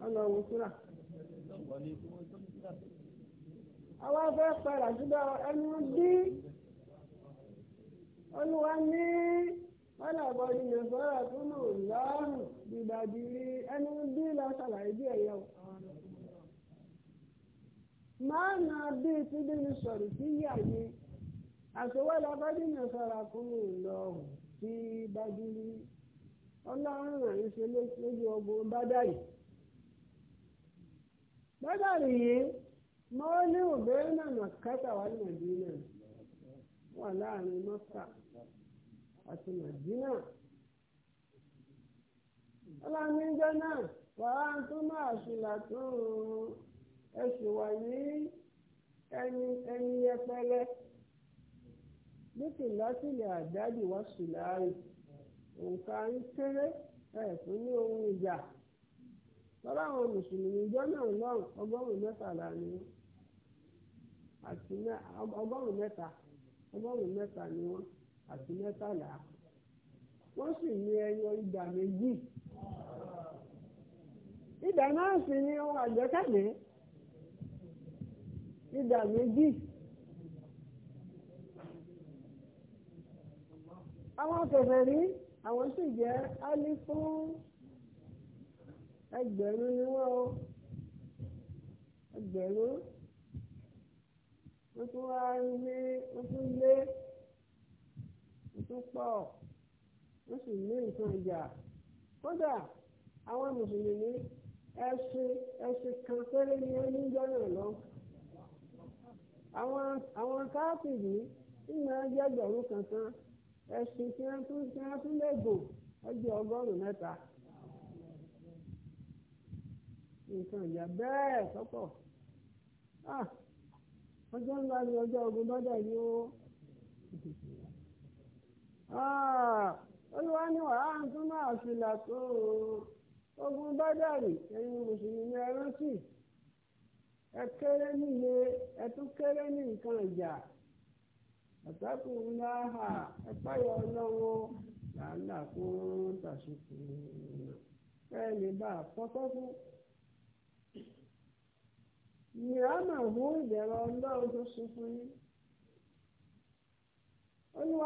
Ọlọ́wọ́ síra. Àwa fẹ́ padà síbẹ̀ ẹnu bí olúwa ní. kọ́làbọ̀ ilẹ̀ fọ́ra tó lọ́rùn láàrùn dìgbàdìrí ẹni bí lọ ṣàlàyé bí ẹ̀yẹ Ma máa na bí tíbi sọ̀rọ̀ sí yà ni àṣewọ́ lọ́bọ́ dínà sọ̀rọ̀ fún mi lọ sí ọlọ́run rẹ̀ ṣe lójú ọgbọ́n yìí ní òbẹ́rẹ́ náà kátà wà ní wà láàrin àti màdínà ọlọ́nìjọ́ náà wàá tó máa ṣùlà tó ẹ̀sùn wà ní ẹni ẹni yẹpẹlẹ lókè lásìlẹ̀ àdáàdì wá ṣùláàrì òǹkà ń kéré ní ohun ìjà lọ́dọ̀ àwọn mùsùlùmí àti mẹ́tàlá wọ́n sì ní ẹyọ ìdá méjì ìdá náà sì ní ohun àjẹkẹ́lé ìdá méjì àwọn kẹfẹ́ rí àwọn sì jẹ́ álí fún ẹgbẹ̀rún ni wọ́n o ẹgbẹ̀rún wọ́n tún wá ní wọ́n tún lé tó pọ̀ wọ́n sì ní nǹkan ìjà kódà àwọn mùsùlùmí ẹ̀sìn ẹ̀sìn kan péré ni wọ́n ní jọ́nà lọ. àwọn àwọn káàpìlì ìmọ̀ ẹgbẹ́ ẹgbẹ̀rún kankan ẹ̀sìn tí wọ́n tún tí wọ́n tún lè gò ọjọ́ ọgọ́rùn-ún mẹ́ta. nǹkan ìjà bẹ́ẹ̀ sọ́pọ̀ ah! ọjọ́ ńlá ni ọjọ́ ogun bọ́dà yìí ó. Ah, olúwa ni wàá tún máa fìlà tó ogun bádàrí ẹ̀yin mùsùlùmí ẹ rántí ẹ kéré nílé, ẹ tún kéré ní nǹkan ìjà àtàkùn ńlá ẹ ọlọ́wọ́ fún ẹ lè bá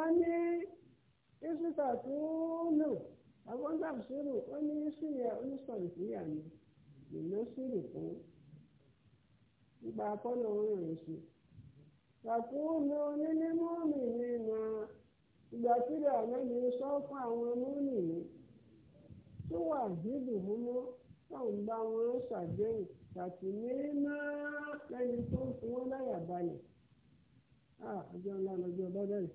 a fún ìsúta tó lò abọ́ńdà sírù wọ́n ní síyà onísọ̀rọ̀ síyà ni ìná sírù fún nígbà akọ́lọ̀ wọn rẹ̀ sí. Ṣàkóso onílé mọ́ọ̀mì ni mà ìgbà sílẹ̀ ọ̀nàmì sọ fún àwọn mọ́ọ̀mì ni tó wà dídù múmọ́ táwọn bá wọn ṣàdéhùn tàbí ní máa lẹ́yìn tó ń fi wọ́n láyà balẹ̀. Àjọ ńlá lọ́jọ́ bá bẹ̀rẹ̀.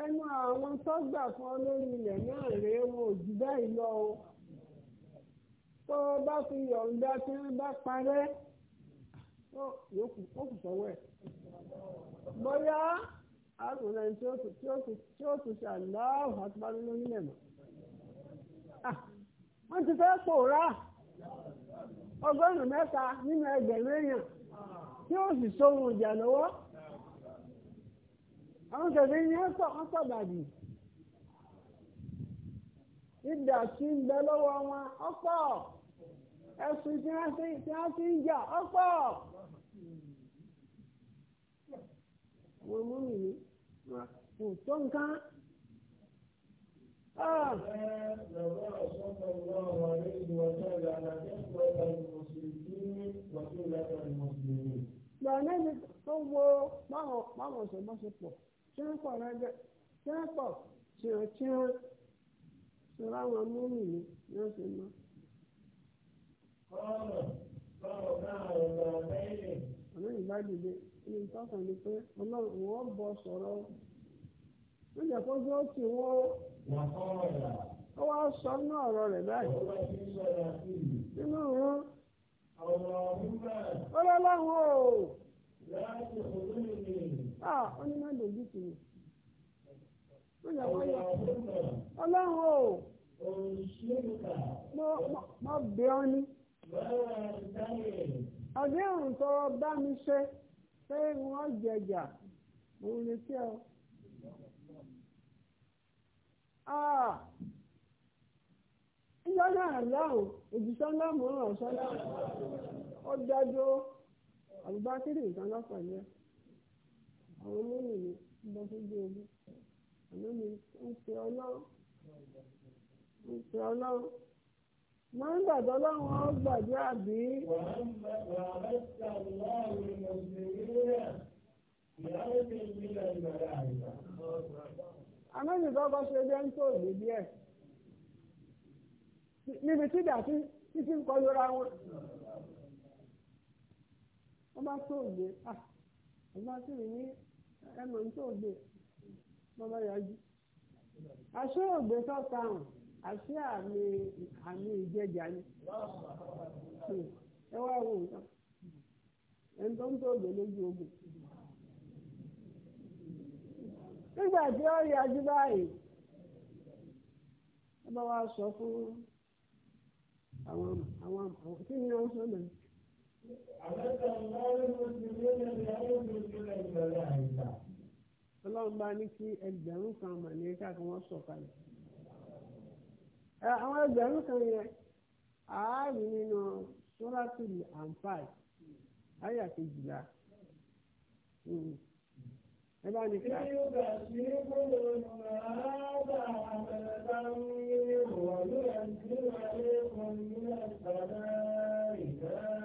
ẹnu àwọn tó gbà fún ọ lórí ilẹ̀ náà rèé wọn jù báyìí lọ o tó o bá fi yọ̀ǹda tí wọ́n bá parẹ́ yóò kù sọ́wọ́ ẹ̀ bóyá tí ó tún ṣe aláwọ̀ àtúbárí lórí ilẹ̀ mọ́ wọ́n ti fẹ́ pòórá ọgọ́rùn-ún mẹ́ta nínú ẹgbẹ̀rún èèyàn àwọn tẹ̀lé ni wọ́n sọ̀bàdì ìdà tí ń bẹ lọ́wọ́ wọn ọ̀pọ̀ ẹ̀sùn tí wọ́n fi ń jà ọ̀pọ̀ wọ́n mú mi ní kò tó nǹkan. Ah. Gbọ̀nẹ́ni tó wo báwọn ṣe bọ́ ṣe pọ̀. tí wọ́n pọ̀ rẹ́gbẹ́ tí wọ́n pọ̀ tí wọ́n tí wọ́n sọ̀rọ̀ àwọn mọ́mì ni yóò ṣe mọ́. ni ti A. onye na ojuturu ụlọ nwayọ ọlọ́run o mo bẹ̀ ọ́ ni àdéhùn tó bá mi ṣe pé wọ́n jẹjà mo retí ah. ọ. ọ̀gbá kiri nǹkan lọ́pọ̀ yẹn àwọn olóyìn ni bọ́ sójú ogun àmọ́ mi ń pe ọlọ́run ń pe ọlọ́run máa ń gbàgbọ́ ọlọ́run ó gbàdúrà bí. àmọ́ mi kọ́kọ́ ṣe jẹ́ ń tó òbí díẹ̀ níbi tí dàtí títí ń kọlu ra wọn wọ́n bá tó òde wọ́n bá tó mi ní ẹ̀mọ̀ tó òde wọ́n bá yọjú. àṣé òde tó parun àṣé àmì àmì ìjẹjà ni ẹ wá wò nǹkan ẹni tó ń tó òde lójú ogun. nígbà tí ó yọjú báyìí ẹ bá wa sọ fún àwọn àwọn tí ní wọn sọ náà. Ọlọ́run bá ní kí ẹgbẹ̀rún kan màlẹ́kà kí wọ́n sọ̀kalẹ̀. Àwọn ẹgbẹ̀rún kan yẹn ààrì nínú Suratul Anfal ayà kejìlá. Hmm. Ẹ bá ní ká. Bí ó bá sí kúrò nínú àádọ́ àwọn ẹ̀dá ń yé wọ̀lú ní ẹ̀sán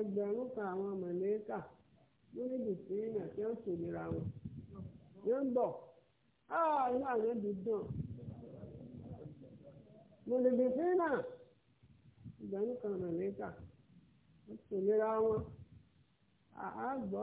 ẹgbẹ̀rún kan àwọn mọ̀lẹ́kà lórí bìtìrìnà tí ó sì lera wọn yóò bọ̀ inú àwọn ẹbí dùn lórí bìtìrìnà ẹgbẹ̀rún kan mọ̀lẹ́kà ó sì wọn àá gbọ́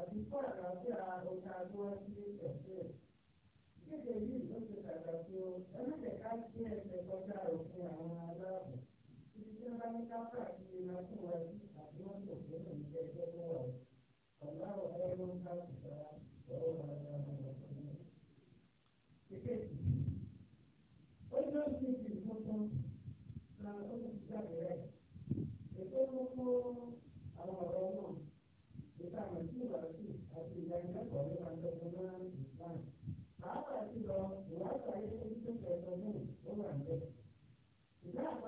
àti fún àlàáfíà ọjà àdúrásí ẹ̀fẹ́. Kéde yìí ló ṣe pàtàkì o, ẹlẹ́dẹ̀ká sí ẹsẹ̀ kọjá òfin àwọn aláàbò. Ibi tí wọ́n bá ní káfà sí iná fún wa sí àbí wọ́n tó fẹ́ lè jẹ́ ẹgbẹ́ fún wa. Ọ̀la ọ̀rẹ́ ló ń ká kùtà lọ́wọ́ ara àwọn ọ̀sán. Ìkejì, ó ní ó ti di tuntun, ó ti jáde rẹ̀.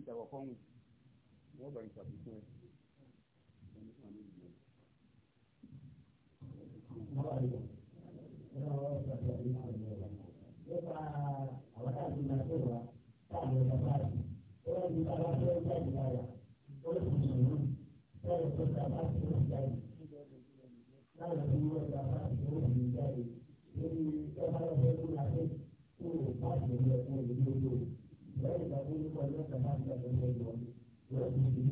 ìtàwọ̀ fọ́hùn wọ́n bá ìtàkùn Thank you lẹ́yìn tàbí nípa ilé ọ̀sẹ̀ náà ṣe àgbẹ̀ ìwé ìwọ̀n yóò fi ìdí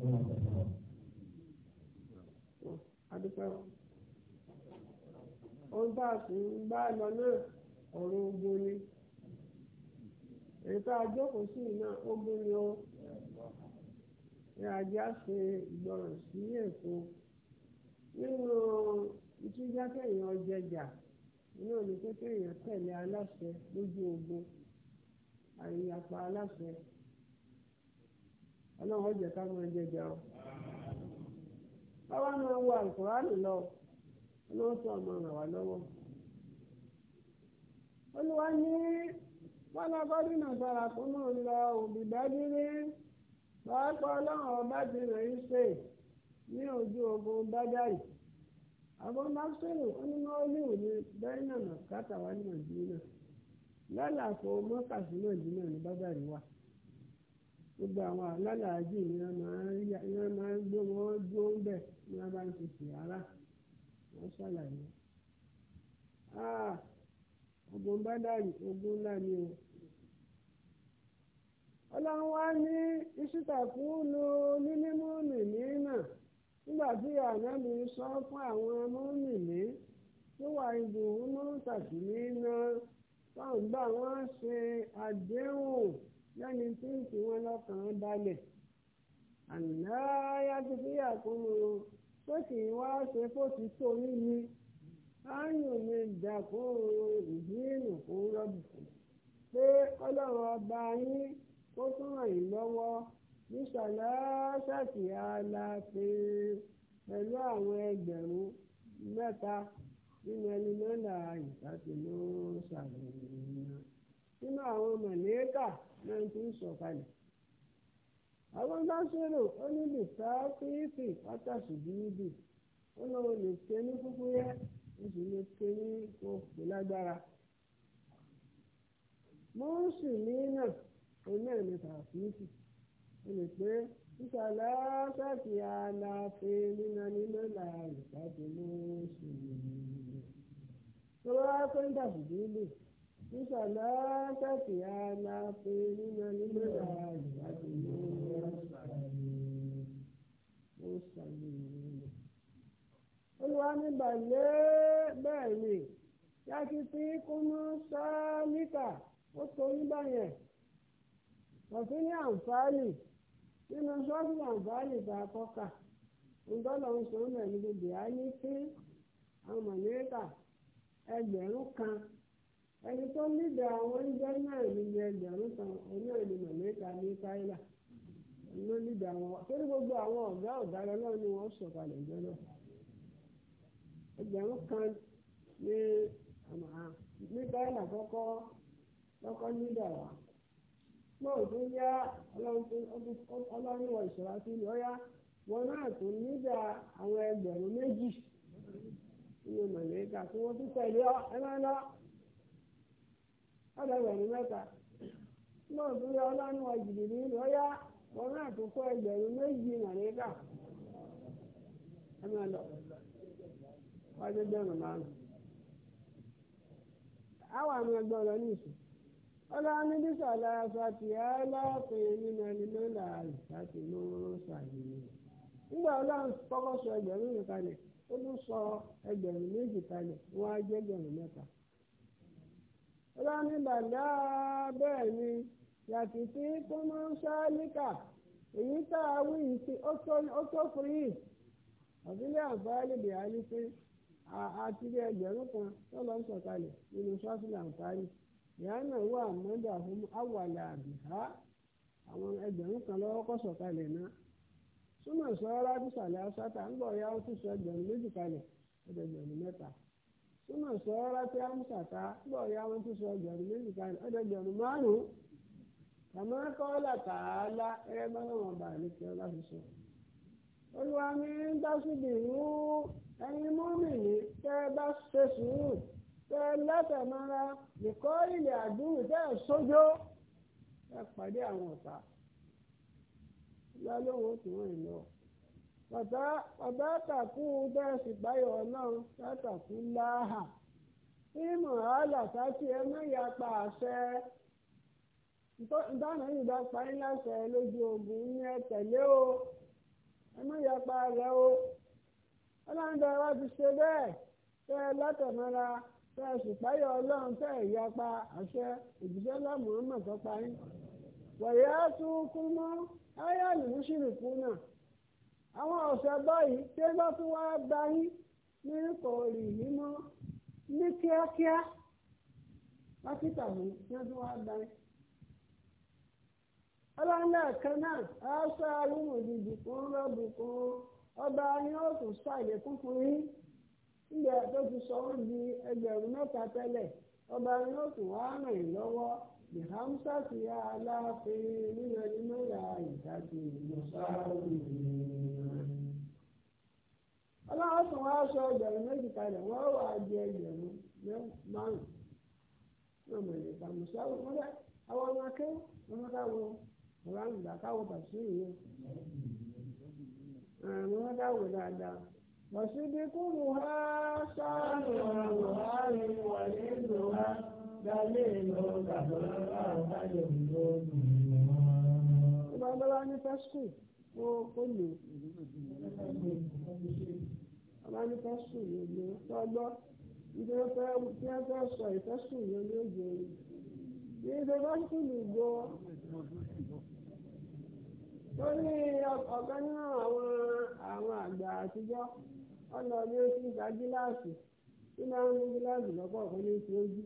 ìwọ̀n ọ̀sẹ̀ náà. adúpẹ́ ohun tá a sì ń bá lọ náà ọ̀rọ̀ ogun ni ètò àjókòó sí iná ogun ni ó ní ajá ṣe ìgbọràn sí èkó nínú ìtújákẹ́yìn ọjẹjà nínú olùkẹ́kẹ́ èèyàn tẹ̀lé aláṣẹ lójú ogun. àìyàpá aláṣẹ ọlọ́run ọ̀jẹ̀ ká máa jẹjà o. báwa máa wo àlùkùránì lọ ọlọ́run tó ọmọ ràn wá lọ́wọ́. olúwa ní pálábọ́dún náà sára fún mọ́ ń ọlọ́run ọba ti rẹ̀ ń ṣe ní ojú ogun àbọ̀ ní lálàfo mọ́kàsí náà dín náà ní bábàrí wà gbogbo àwọn alálàájì ni wọ́n máa ń gbé wọn dúró ń bẹ̀ ní wọ́n bá ń ti sì ara wọ́n ṣàlàyé. Ah, ogun bádàrí ogun ńlá ni o ọlọ́run wá ní ìṣítà fún lu nínímọ́ọ̀nì nínà nígbà tí ànábì sọ fún àwọn mọ́ọ̀nì ní tó wà ìdùnnú tàbí nínà wọ́n gbà wọ́n ṣe àdéhùn lẹ́ni tí ń fi wọn lọ́kàn balẹ̀ àláyá ti fi àkóso tó sì wá ṣe fòtí tó níbi áyùn mi dàkún ìdíìnù fún rọ́bìtì pé ọlọ́run ọba yín kó tún ràn yín lọ́wọ́ nísàlẹ̀ ṣàtìyà la pẹ̀lú àwọn ẹgbẹ̀rún mẹ́ta nínú ẹni mẹ́ta ìtàkì ló ń ṣàlùmọ́ nínú àwọn mọ̀lẹ́kà náà ti ń sọ̀kalẹ̀. àwọn lásìrò ó ní lùtà kírísì pátàsì bíbí ó lọ lè ké ní kúkúrẹ́ ó sì lè ké ní òkú lágbára. mọ́ọ̀sì ní náà ó náà ó lè pé ìṣàlá sáàkì àlàáfíà nínú ẹni mẹ́ta ìtàkì ló ń ṣèlú tọ́wọ́ pé ń dàbò délé nígbà lákàtì àlà pé nínú nílé ààrẹ láti mú wọn ó ṣàlùyẹ. olúwa ní bàlẹ́ bẹ́ẹ̀ ni yàtí tí kúnú sáálíkà ó torí báyẹn ọ̀fin ní àǹfààní nínú sọ́ọ̀sì àǹfààní bá a kọ́ka ń dọ́là ń sọ ọ́nà ìlú bìí á àwọn mọ̀lẹ́kà. ẹgbẹ̀rún kan ẹni tó nídìí àwọn oúnjẹ náà ní ẹgbẹ̀rún kan òun náà ní ní káyílà ló nídìí àwọn torí gbogbo àwọn ọ̀gá ọ̀gá lọ́wọ́ ni wọ́n sọ̀kalẹ̀ jẹ́ náà ẹgbẹ̀rún kan ní ní káyílà kọ́kọ́ kọ́kọ́ nídìí àwọn náà tó yá ọlọ́run ìwọ̀ ìṣọ̀rá sí ni ó wọn náà tó nídìí àwọn ẹgbẹ̀rún méjì. nínú mọ̀lẹ́kà tí wọ́n tún tẹ̀lé ọ ẹ máa lọ ọ̀dọ̀ ẹgbẹ̀rún mẹ́ta ọlọ tún yọ ọlọ́run ọ̀jìnlẹ̀ ní lọ́yà wọn náà tún ó ló sọ ẹgbẹ̀rún méjì kalẹ̀ wọ́n á jẹ́ ẹgbẹ̀rún mẹ́ta. rani bàdá bẹ́ẹ̀ ni yàtì tí tó máa ń èyí tá a wí ìsìn àǹfààní á ní pé àti bí ẹgbẹ̀rún kan tó lọ ń sọ̀kalẹ̀ nínú sọ́fìlì àǹfààní ìyá náà wà mọ́dà fún awàlà àbíhá àwọn ẹgbẹ̀rún kan lọ́wọ́ kọ́ sọ̀kalẹ̀ súnmọ̀ sọ́ra tìsàlẹ̀ asátà ń bọ̀ ya ó tún sọ ẹgbẹ̀rún méjì kalẹ̀ ẹgbẹ̀rún mẹ́ta súnmọ̀ sọ́ra tí amúsàtà ń bọ̀ ya ó tún sọ ẹgbẹ̀rún méjì kalẹ̀ ẹgbẹ̀rún márùn-ún ẹ bá wọn bá ní kí fi sọ. olúwa mi ń dá síbi ìlú ẹyin mọ́mìnì tẹ́ ẹ bá ṣe sùúrù tẹ́ ẹ lọ́lọ́wọ́ tí wọ́n ń lọ. bàbá àtàkù bẹ́ẹ̀ sì báyọ̀ ọlọ́run látàkù láhà ní mọ̀hálà sátì ẹ mẹ́yà pa àṣẹ ìdáná yìí bá parí láṣẹ lójú ogun ní ẹ tẹ̀lé o ẹ pa rẹ o ọlọ́run bẹ́ẹ̀ wá ti ṣe bẹ́ẹ̀ tẹ́ ẹ látọ̀mọ́ra tẹ́ ẹ sì ọlọ́run tẹ́ ẹ pa àṣẹ òjíṣẹ́ tó ayé àlùmíṣìrì fún náà àwọn ọ̀sẹ̀ báyìí tí wọ́n tún wá gba yín ní kọ̀ọ̀rì mímọ́ ní kíákíá dókítà mi tí wọ́n tún wá gba yín. ọlọ́nà kan náà ọba yín ó tún ṣàlékún fún yín tó sọ ìhámsá sí aláàfin nínú ẹjọ́ náírà ìdájọ́ ìmọ̀sáàrùn ọlọ́run tún wá sọ ẹgbẹ̀rún méjì kalẹ̀ wọ́n wà á di ẹgbẹ̀rún márùn-ún náà mọ̀ ní ìbámusáró wọ́n dẹ́ àwọn ọmọ akẹ́ ọmọ káwọ ọ̀rá ìgbà káwọ bàtí ìyẹn àwọn ọmọ káwọ dáadáa bàtí bí kúrò ha sáà lọ́rùn ha ni wà nílùú ha dalé lọ gbàgbọ́ àwọn ayọ̀ ní fẹ́sùn ó ó lè. Ọba ní fẹ́sùn yóò lè tọ́gbọ́. Ìgbà ń fẹ́ kí wọ́n fẹ́ sọ ìfẹ́sùn yóò lè jẹ Ìgbà bá sì lè gbọ́. àwọn àgbà àtijọ́, ọ̀nà ni ó ti ń gíláàsì. Kí ń mú gíláàsì lọ́pọ̀ ọ̀kan ní ti ojú.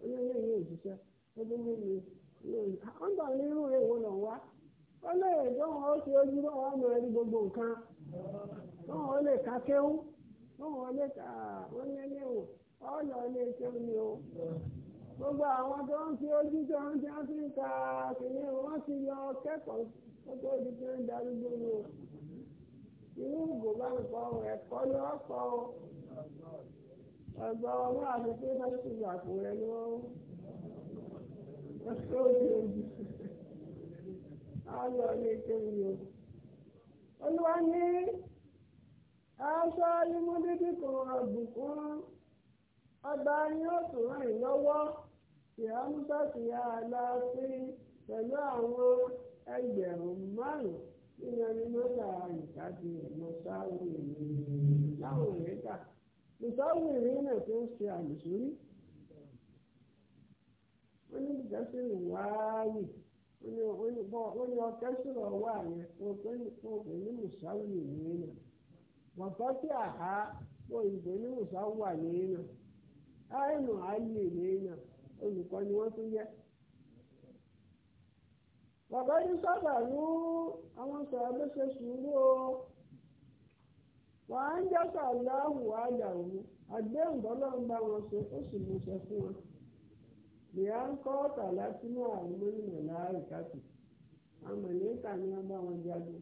onye onye onye òṣìṣẹ́ ebe níbi ọ̀dọ̀ ní irú rẹ̀ wọ́n lọ wá ó lè dọ́wọ́ gbogbo nǹkan dọ́wọ́ ole ka kéwú dọ́wọ́ ó ka o gbogbo àwọn tó ń fi ojú tó ń já sí ka kìnìún wọ́n ti lọ ọgbà ọwọ́ àti pé bá ti gbà kó rẹ ló wọ́n tó di ojú ayọ̀ lè tó yọ. olúwa ní aṣọ imúdídì si àbùkún si ni si tún ràn lọ́wọ́ ìhámúsá sí aláàfin pẹ̀lú àwọn ẹgbẹ̀rún márùn-ún nínú ẹni mọ́tà ìtàgé lùsọ́wù ìrìn náà tó ń ṣe àlùsórí wọ́n ní ìjọsìn wáyé wọ́n ní ọkẹ́ sọ̀rọ̀ wà yẹn wọ́n pè ní lùsọ́wù ìrìn náà wọ́n tọ́ sí àhá wọ́n ìgbé ní na àyè náà àìmọ̀ ayé ìrìn náà olùkọ́ ni wọ́n yẹ. wàá ń jọ́sà láwù àdàwù àdéhùn tọ́lọ́run bá wọn ṣe ó sì múṣẹ fún wọn ìyá ń kọ́ tàlá sínú àwọn gómìnà láàrín káàtì amọ̀lẹ́kà ni wọ́n bá wọn jagun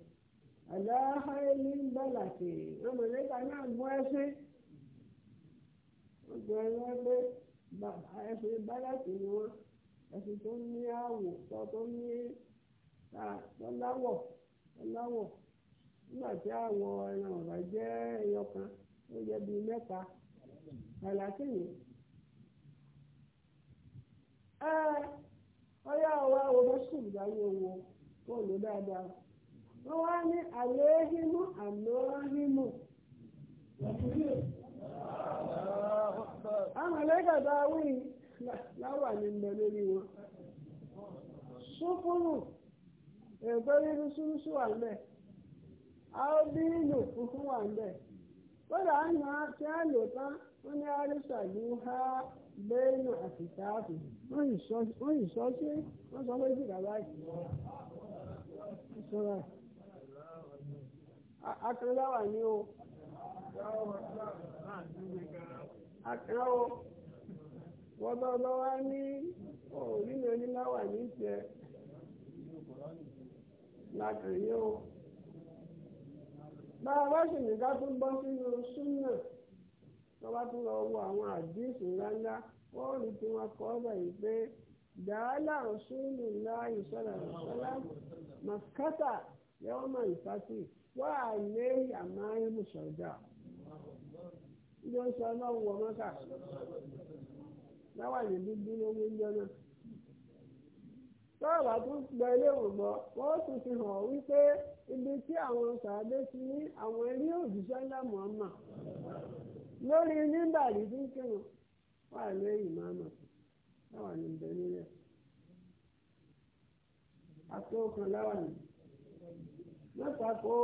aláhàílì ń bọ̀là sí amọ̀lẹ́kà náà gbọ́ ẹsẹ̀ wọ́n gbọ́ ẹwọ́n pé ni wọ́n tó ní tó ní láwọ̀ láwọ̀. nígbà tí àwọn ẹran ọ̀bà jẹ́ ẹyọ kan ó jẹ bíi mẹ́ta àlàkìní. ẹ ọyá ọwọ́ àwọn sùn dáwọ́ owó kó lò dáadáa wọ́n wá ní àléhìmú àlóhìmú. àwọn ẹlẹ́gàdá wí láwà ní lórí wọn. súnfúnù èèkó rí ní wà áóbílù funfun wà ń bẹ̀ kódà á yan a lò tán wọ́n ní àrísà ló há lẹ́yìn àtìkáàfù wọ́n ìṣọ́sí wọ́n sọ méjì ni o akẹ́wò wọ́n bá ní ní tiẹ̀ lákàáyé o. bá a bá sì ní ká tún bọ́ sínú súnà tó bá tún lọ wo àwọn àdíìsì ńláńlá wọ́n tí wọ́n kọ́ báyìí pé dàálà ṣúlù láàyè sọ́là màkátà wà ilé oṣù ọlọ́run ń báwa tún gba eléwọ̀n gbọ́ wọ́n tún fi hàn wípé ibi tí àwọn sàádé ti ní àwọn eré òjíṣẹ́ ńlá mọ̀ọ́mà lórí nígbàdí tí ń kírun wà lẹ́yìn mọ́ọ́mà láwà ní ìbẹ́ nílẹ̀ àtọ́kàn láwà ní mẹ́ta kó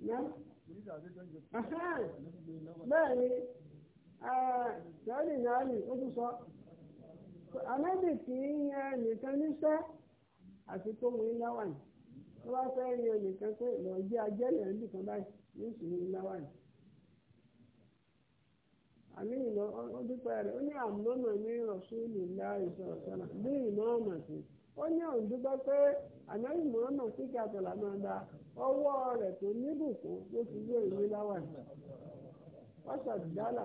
bẹ́ẹ̀ ni. yọ̀ọ́lì ah, yọ̀ọ́lì ó tún sọ anábì kì í yan nìkan níṣẹ́ àti tó mú ilá wà ní tó bá fẹ́ yan nìkan pé lọ́ọ́ jẹ́ ajẹ́lẹ̀ nìkan báyìí ní ìṣòro ilá wà ní. àmì ìlọ rẹ̀ ó ní ní bí sí ó ní pé sí kí àtọ̀là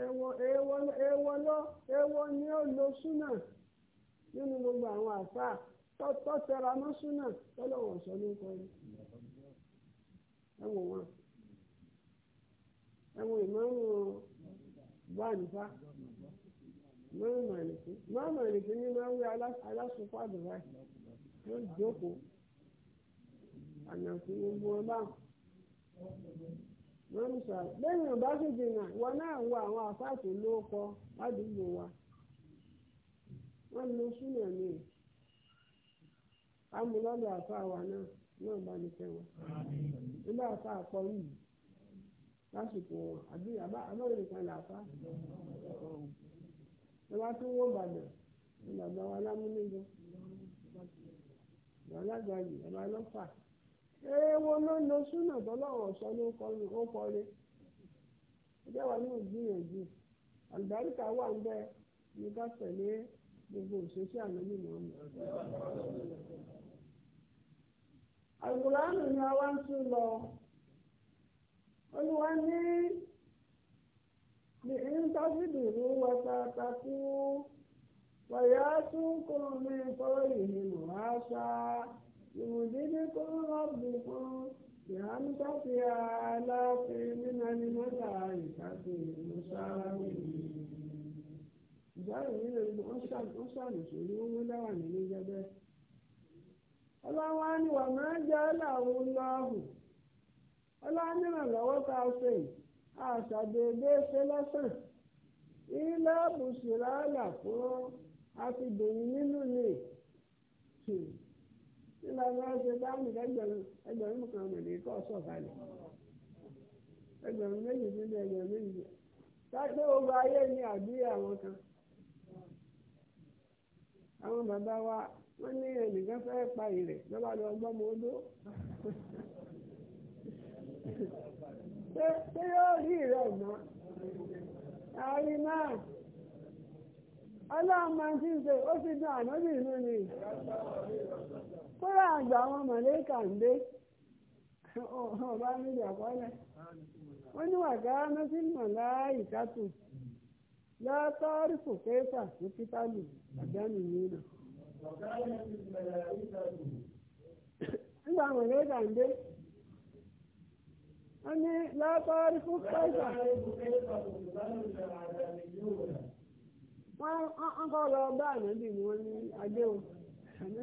èèwọ̀ lọ èèwọ̀ ni ó lo súnà nínú gbogbo àwọn àṣà tó tẹra mọ́ súnà tọ́lọ́wọ̀n sọ ní kọrin ẹ̀wọ̀n wọn ẹ̀wọ̀n ìmọ̀ràn bá nípa mọ́rùn màlìkì mọ́rùn màlìkì ní máa ń wí alásùnkú àdúrà ló jókòó ànàkú gbogbo ọlọ́run. lórí sọ̀rọ̀ lẹ́yìn ọ̀bá tó dènà wọn náà wo àwọn àfáàtì lóko ládùúgbò wa wọ́n lo súnà mi amúlọ́dọ̀ àfáà wa náà náà bá ní fẹ́ wọn nígbà yìí lásìkò wọn àbí abáwọn nìkan ẹ wá tún wọ́n bàdàn bàbá wa èèwọ̀ ló lo súnà tọ́lọ́wọ̀ sọ ló kọrin ó kọrin wa náà gbìyànjú àlùbáríkà wà ń bẹ ní ká tẹ̀lé gbogbo òṣèṣẹ́ ànábì náà mọ̀. àgùránù ni a wá ń tún lọ olúwa ní ní wọ́tàtà kú tún يمددكم ربكم بأمسة آلاف من الملائكة مساومين ìbáraẹ̀ nílẹ̀ ìlú wọ́n ṣàlùsọ ní wọ́n wọ́n dáwà nínú jẹ́bẹ́. ọlọ́wọ́ á ní wà máa jẹ́ ọláwọ́ lọ́hùn ọlọ́wọ́ nírànlọ́wọ́ tá a ṣe àṣàdédé ṣe lọ́sàn ilé ọ̀bùsùn rálà fún àfidèyí nínú ni. nígbà tí wọ́n ṣe dáhùn ẹgbẹ̀rún ẹgbẹ̀rún kan mẹ́lẹ̀ kọ́ sọ̀kalẹ̀ ẹgbẹ̀rún méjì nínú ẹgbẹ̀rún méjì sápẹ́ ogun ayé ni àbí àwọn kan àwọn bàbá kóra àgbà àwọn mọ̀lẹ́kà ń dé ọba nílẹ̀ àkọọ́lẹ̀ wọ́n ní wàgá mẹ́sìlmọ̀ láàyè kátó látọ́rí kò kéfà sí àjánu yìí nà. nígbà mọ̀lẹ́kà ń dé wọ́n ní látọ́rí kò wọ́n kọ́ lọ bá wọ́n ní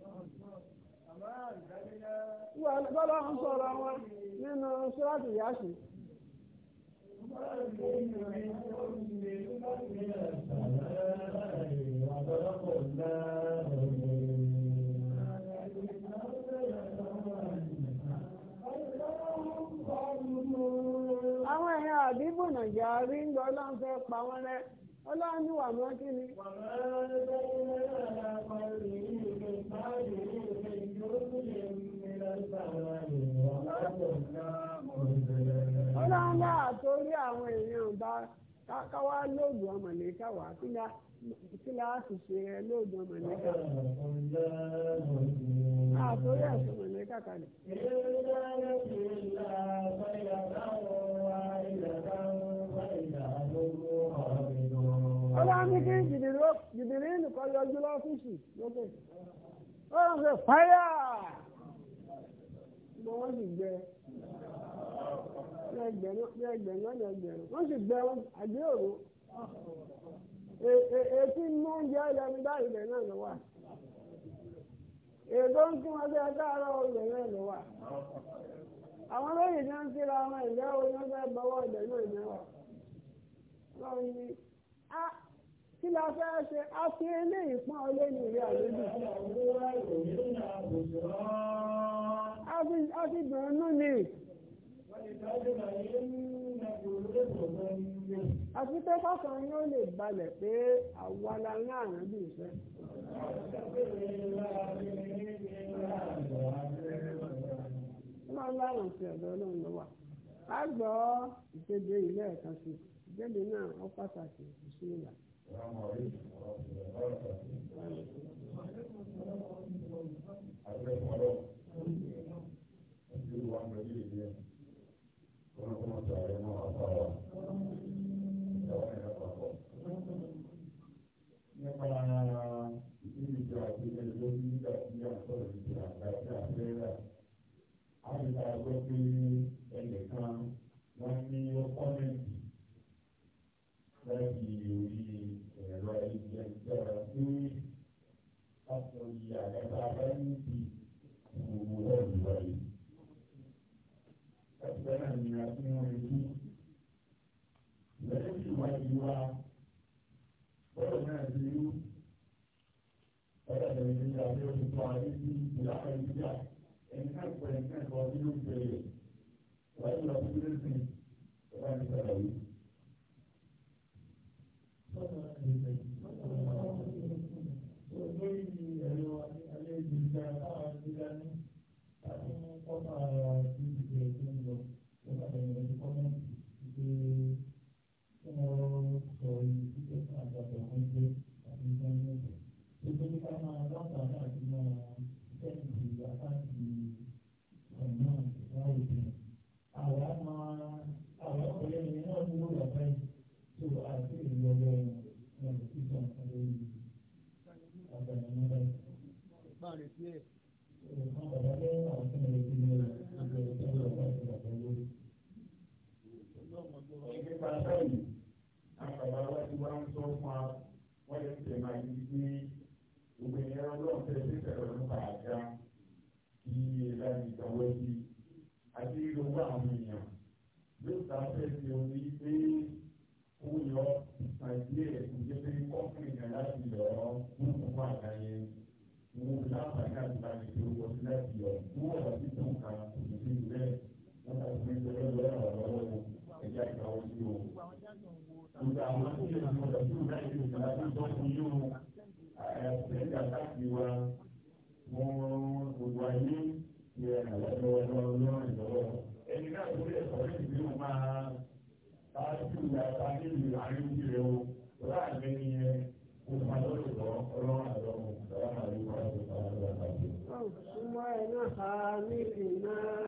bọ́lá ń sọ̀rọ̀ wọn nínú ṣúrátì yáṣù. àwọn èèyàn àbíbò nàìjíríà rí ń lọ pa wọ́n rẹ́ ọlọ́run ní ni. àwọn èèyàn bá káwá lóògùn ọmọlẹ́ka wà kíláàsì ṣe ẹ lóògùn ọmọlẹ́ka. àtúnyẹ̀ ẹ̀sùn ọmọlẹ́ka kalẹ̀. ọlọ́run ní kí jìbìrì nìkan yọjú lọ́fíìsì lókè. ó ń ṣe fáyà. gbọ́n wọ́n gbẹ. ní ẹgbẹ̀rún ní ẹgbẹ̀rún lọ́nà sì gbẹ wọn ètí mú oúnjẹ lẹ́nu báyìí lẹ́ náà lọ wà èdò ń tún ọjọ́ káàárọ̀ olè náà lọ wà àwọn olóyìn náà ń kíra wọn ìlẹ́ oníwọ́n fẹ́ bọ́wọ́ ilẹ̀ náà àti pé kọ́kàn yín ó lè balẹ̀ pé àwa la àrùn bí ìfẹ́. ó máa sí ọ̀dọ̀ ọlọ́run ló wà. a gbọ́ ilé sí náà ó pàtàkì ìlà. Thank you. láti orí ọmọ ẹni wa bọ́ọ̀lù náà ti rú ọ̀rẹ́dẹ̀ ní ìyàwó olùkọ́ ayé ní ìlà ìyá ẹni náà pẹ̀ ẹni náà kọ́ nínú ìbéèrè wàá lọ sí lẹ́sìn ìwádìí sọ̀rọ̀ yìí. máa retí ẹ̀. Nípa báyìí, àgbàdo aláwọ̀ wa ń sọ fún wa, wọ́n lè tẹ̀ máa yí pé obìnrin ọlọ́run fẹ́ sí ìfẹ̀rọ̀ nípa àga kí láti ìgbàwọ́ sí àti ìlówó àwọn èèyàn. Yóò ta fẹ́ sí omi pé ó yọ àìsí ẹ̀ kò jẹ́ pé kọ́kùnrin kan láti yọ̀ ọ́ fún àgbáyé wọn ní àǹfààní àti láti fi owó sí láti yọ owó ọ̀rọ̀ sí ìtàn kan kò ní sí ìlẹ̀ wọn tàbí fún ìjọba ìlú ẹ̀rọ lọ́wọ́ ẹ̀jẹ̀ àìkáwọ́ sí o. Nígbà àwọn tí yóò fi ọ̀dọ̀ sí ìlú ẹ̀jẹ̀ ìjọba tó tọ́ fún yóò ẹ̀ẹ́dẹ́gbẹ̀ àtàkì wa wọn gbogbo ayé yẹ àlọ́ lọ́wọ́ lọ́wọ́ ẹni náà tó lè sọ lẹ́yìn tí wọ́n máa bá sí ìyá ta nílùú àríwú rẹ̀ o. Ọlọ́run àgbẹ̀ ni ẹ kó máa lọ́dọ̀ lọ́ ọlọ́run àlọ́ Àwọn ọmọ ẹ̀ náà ha ní ìná.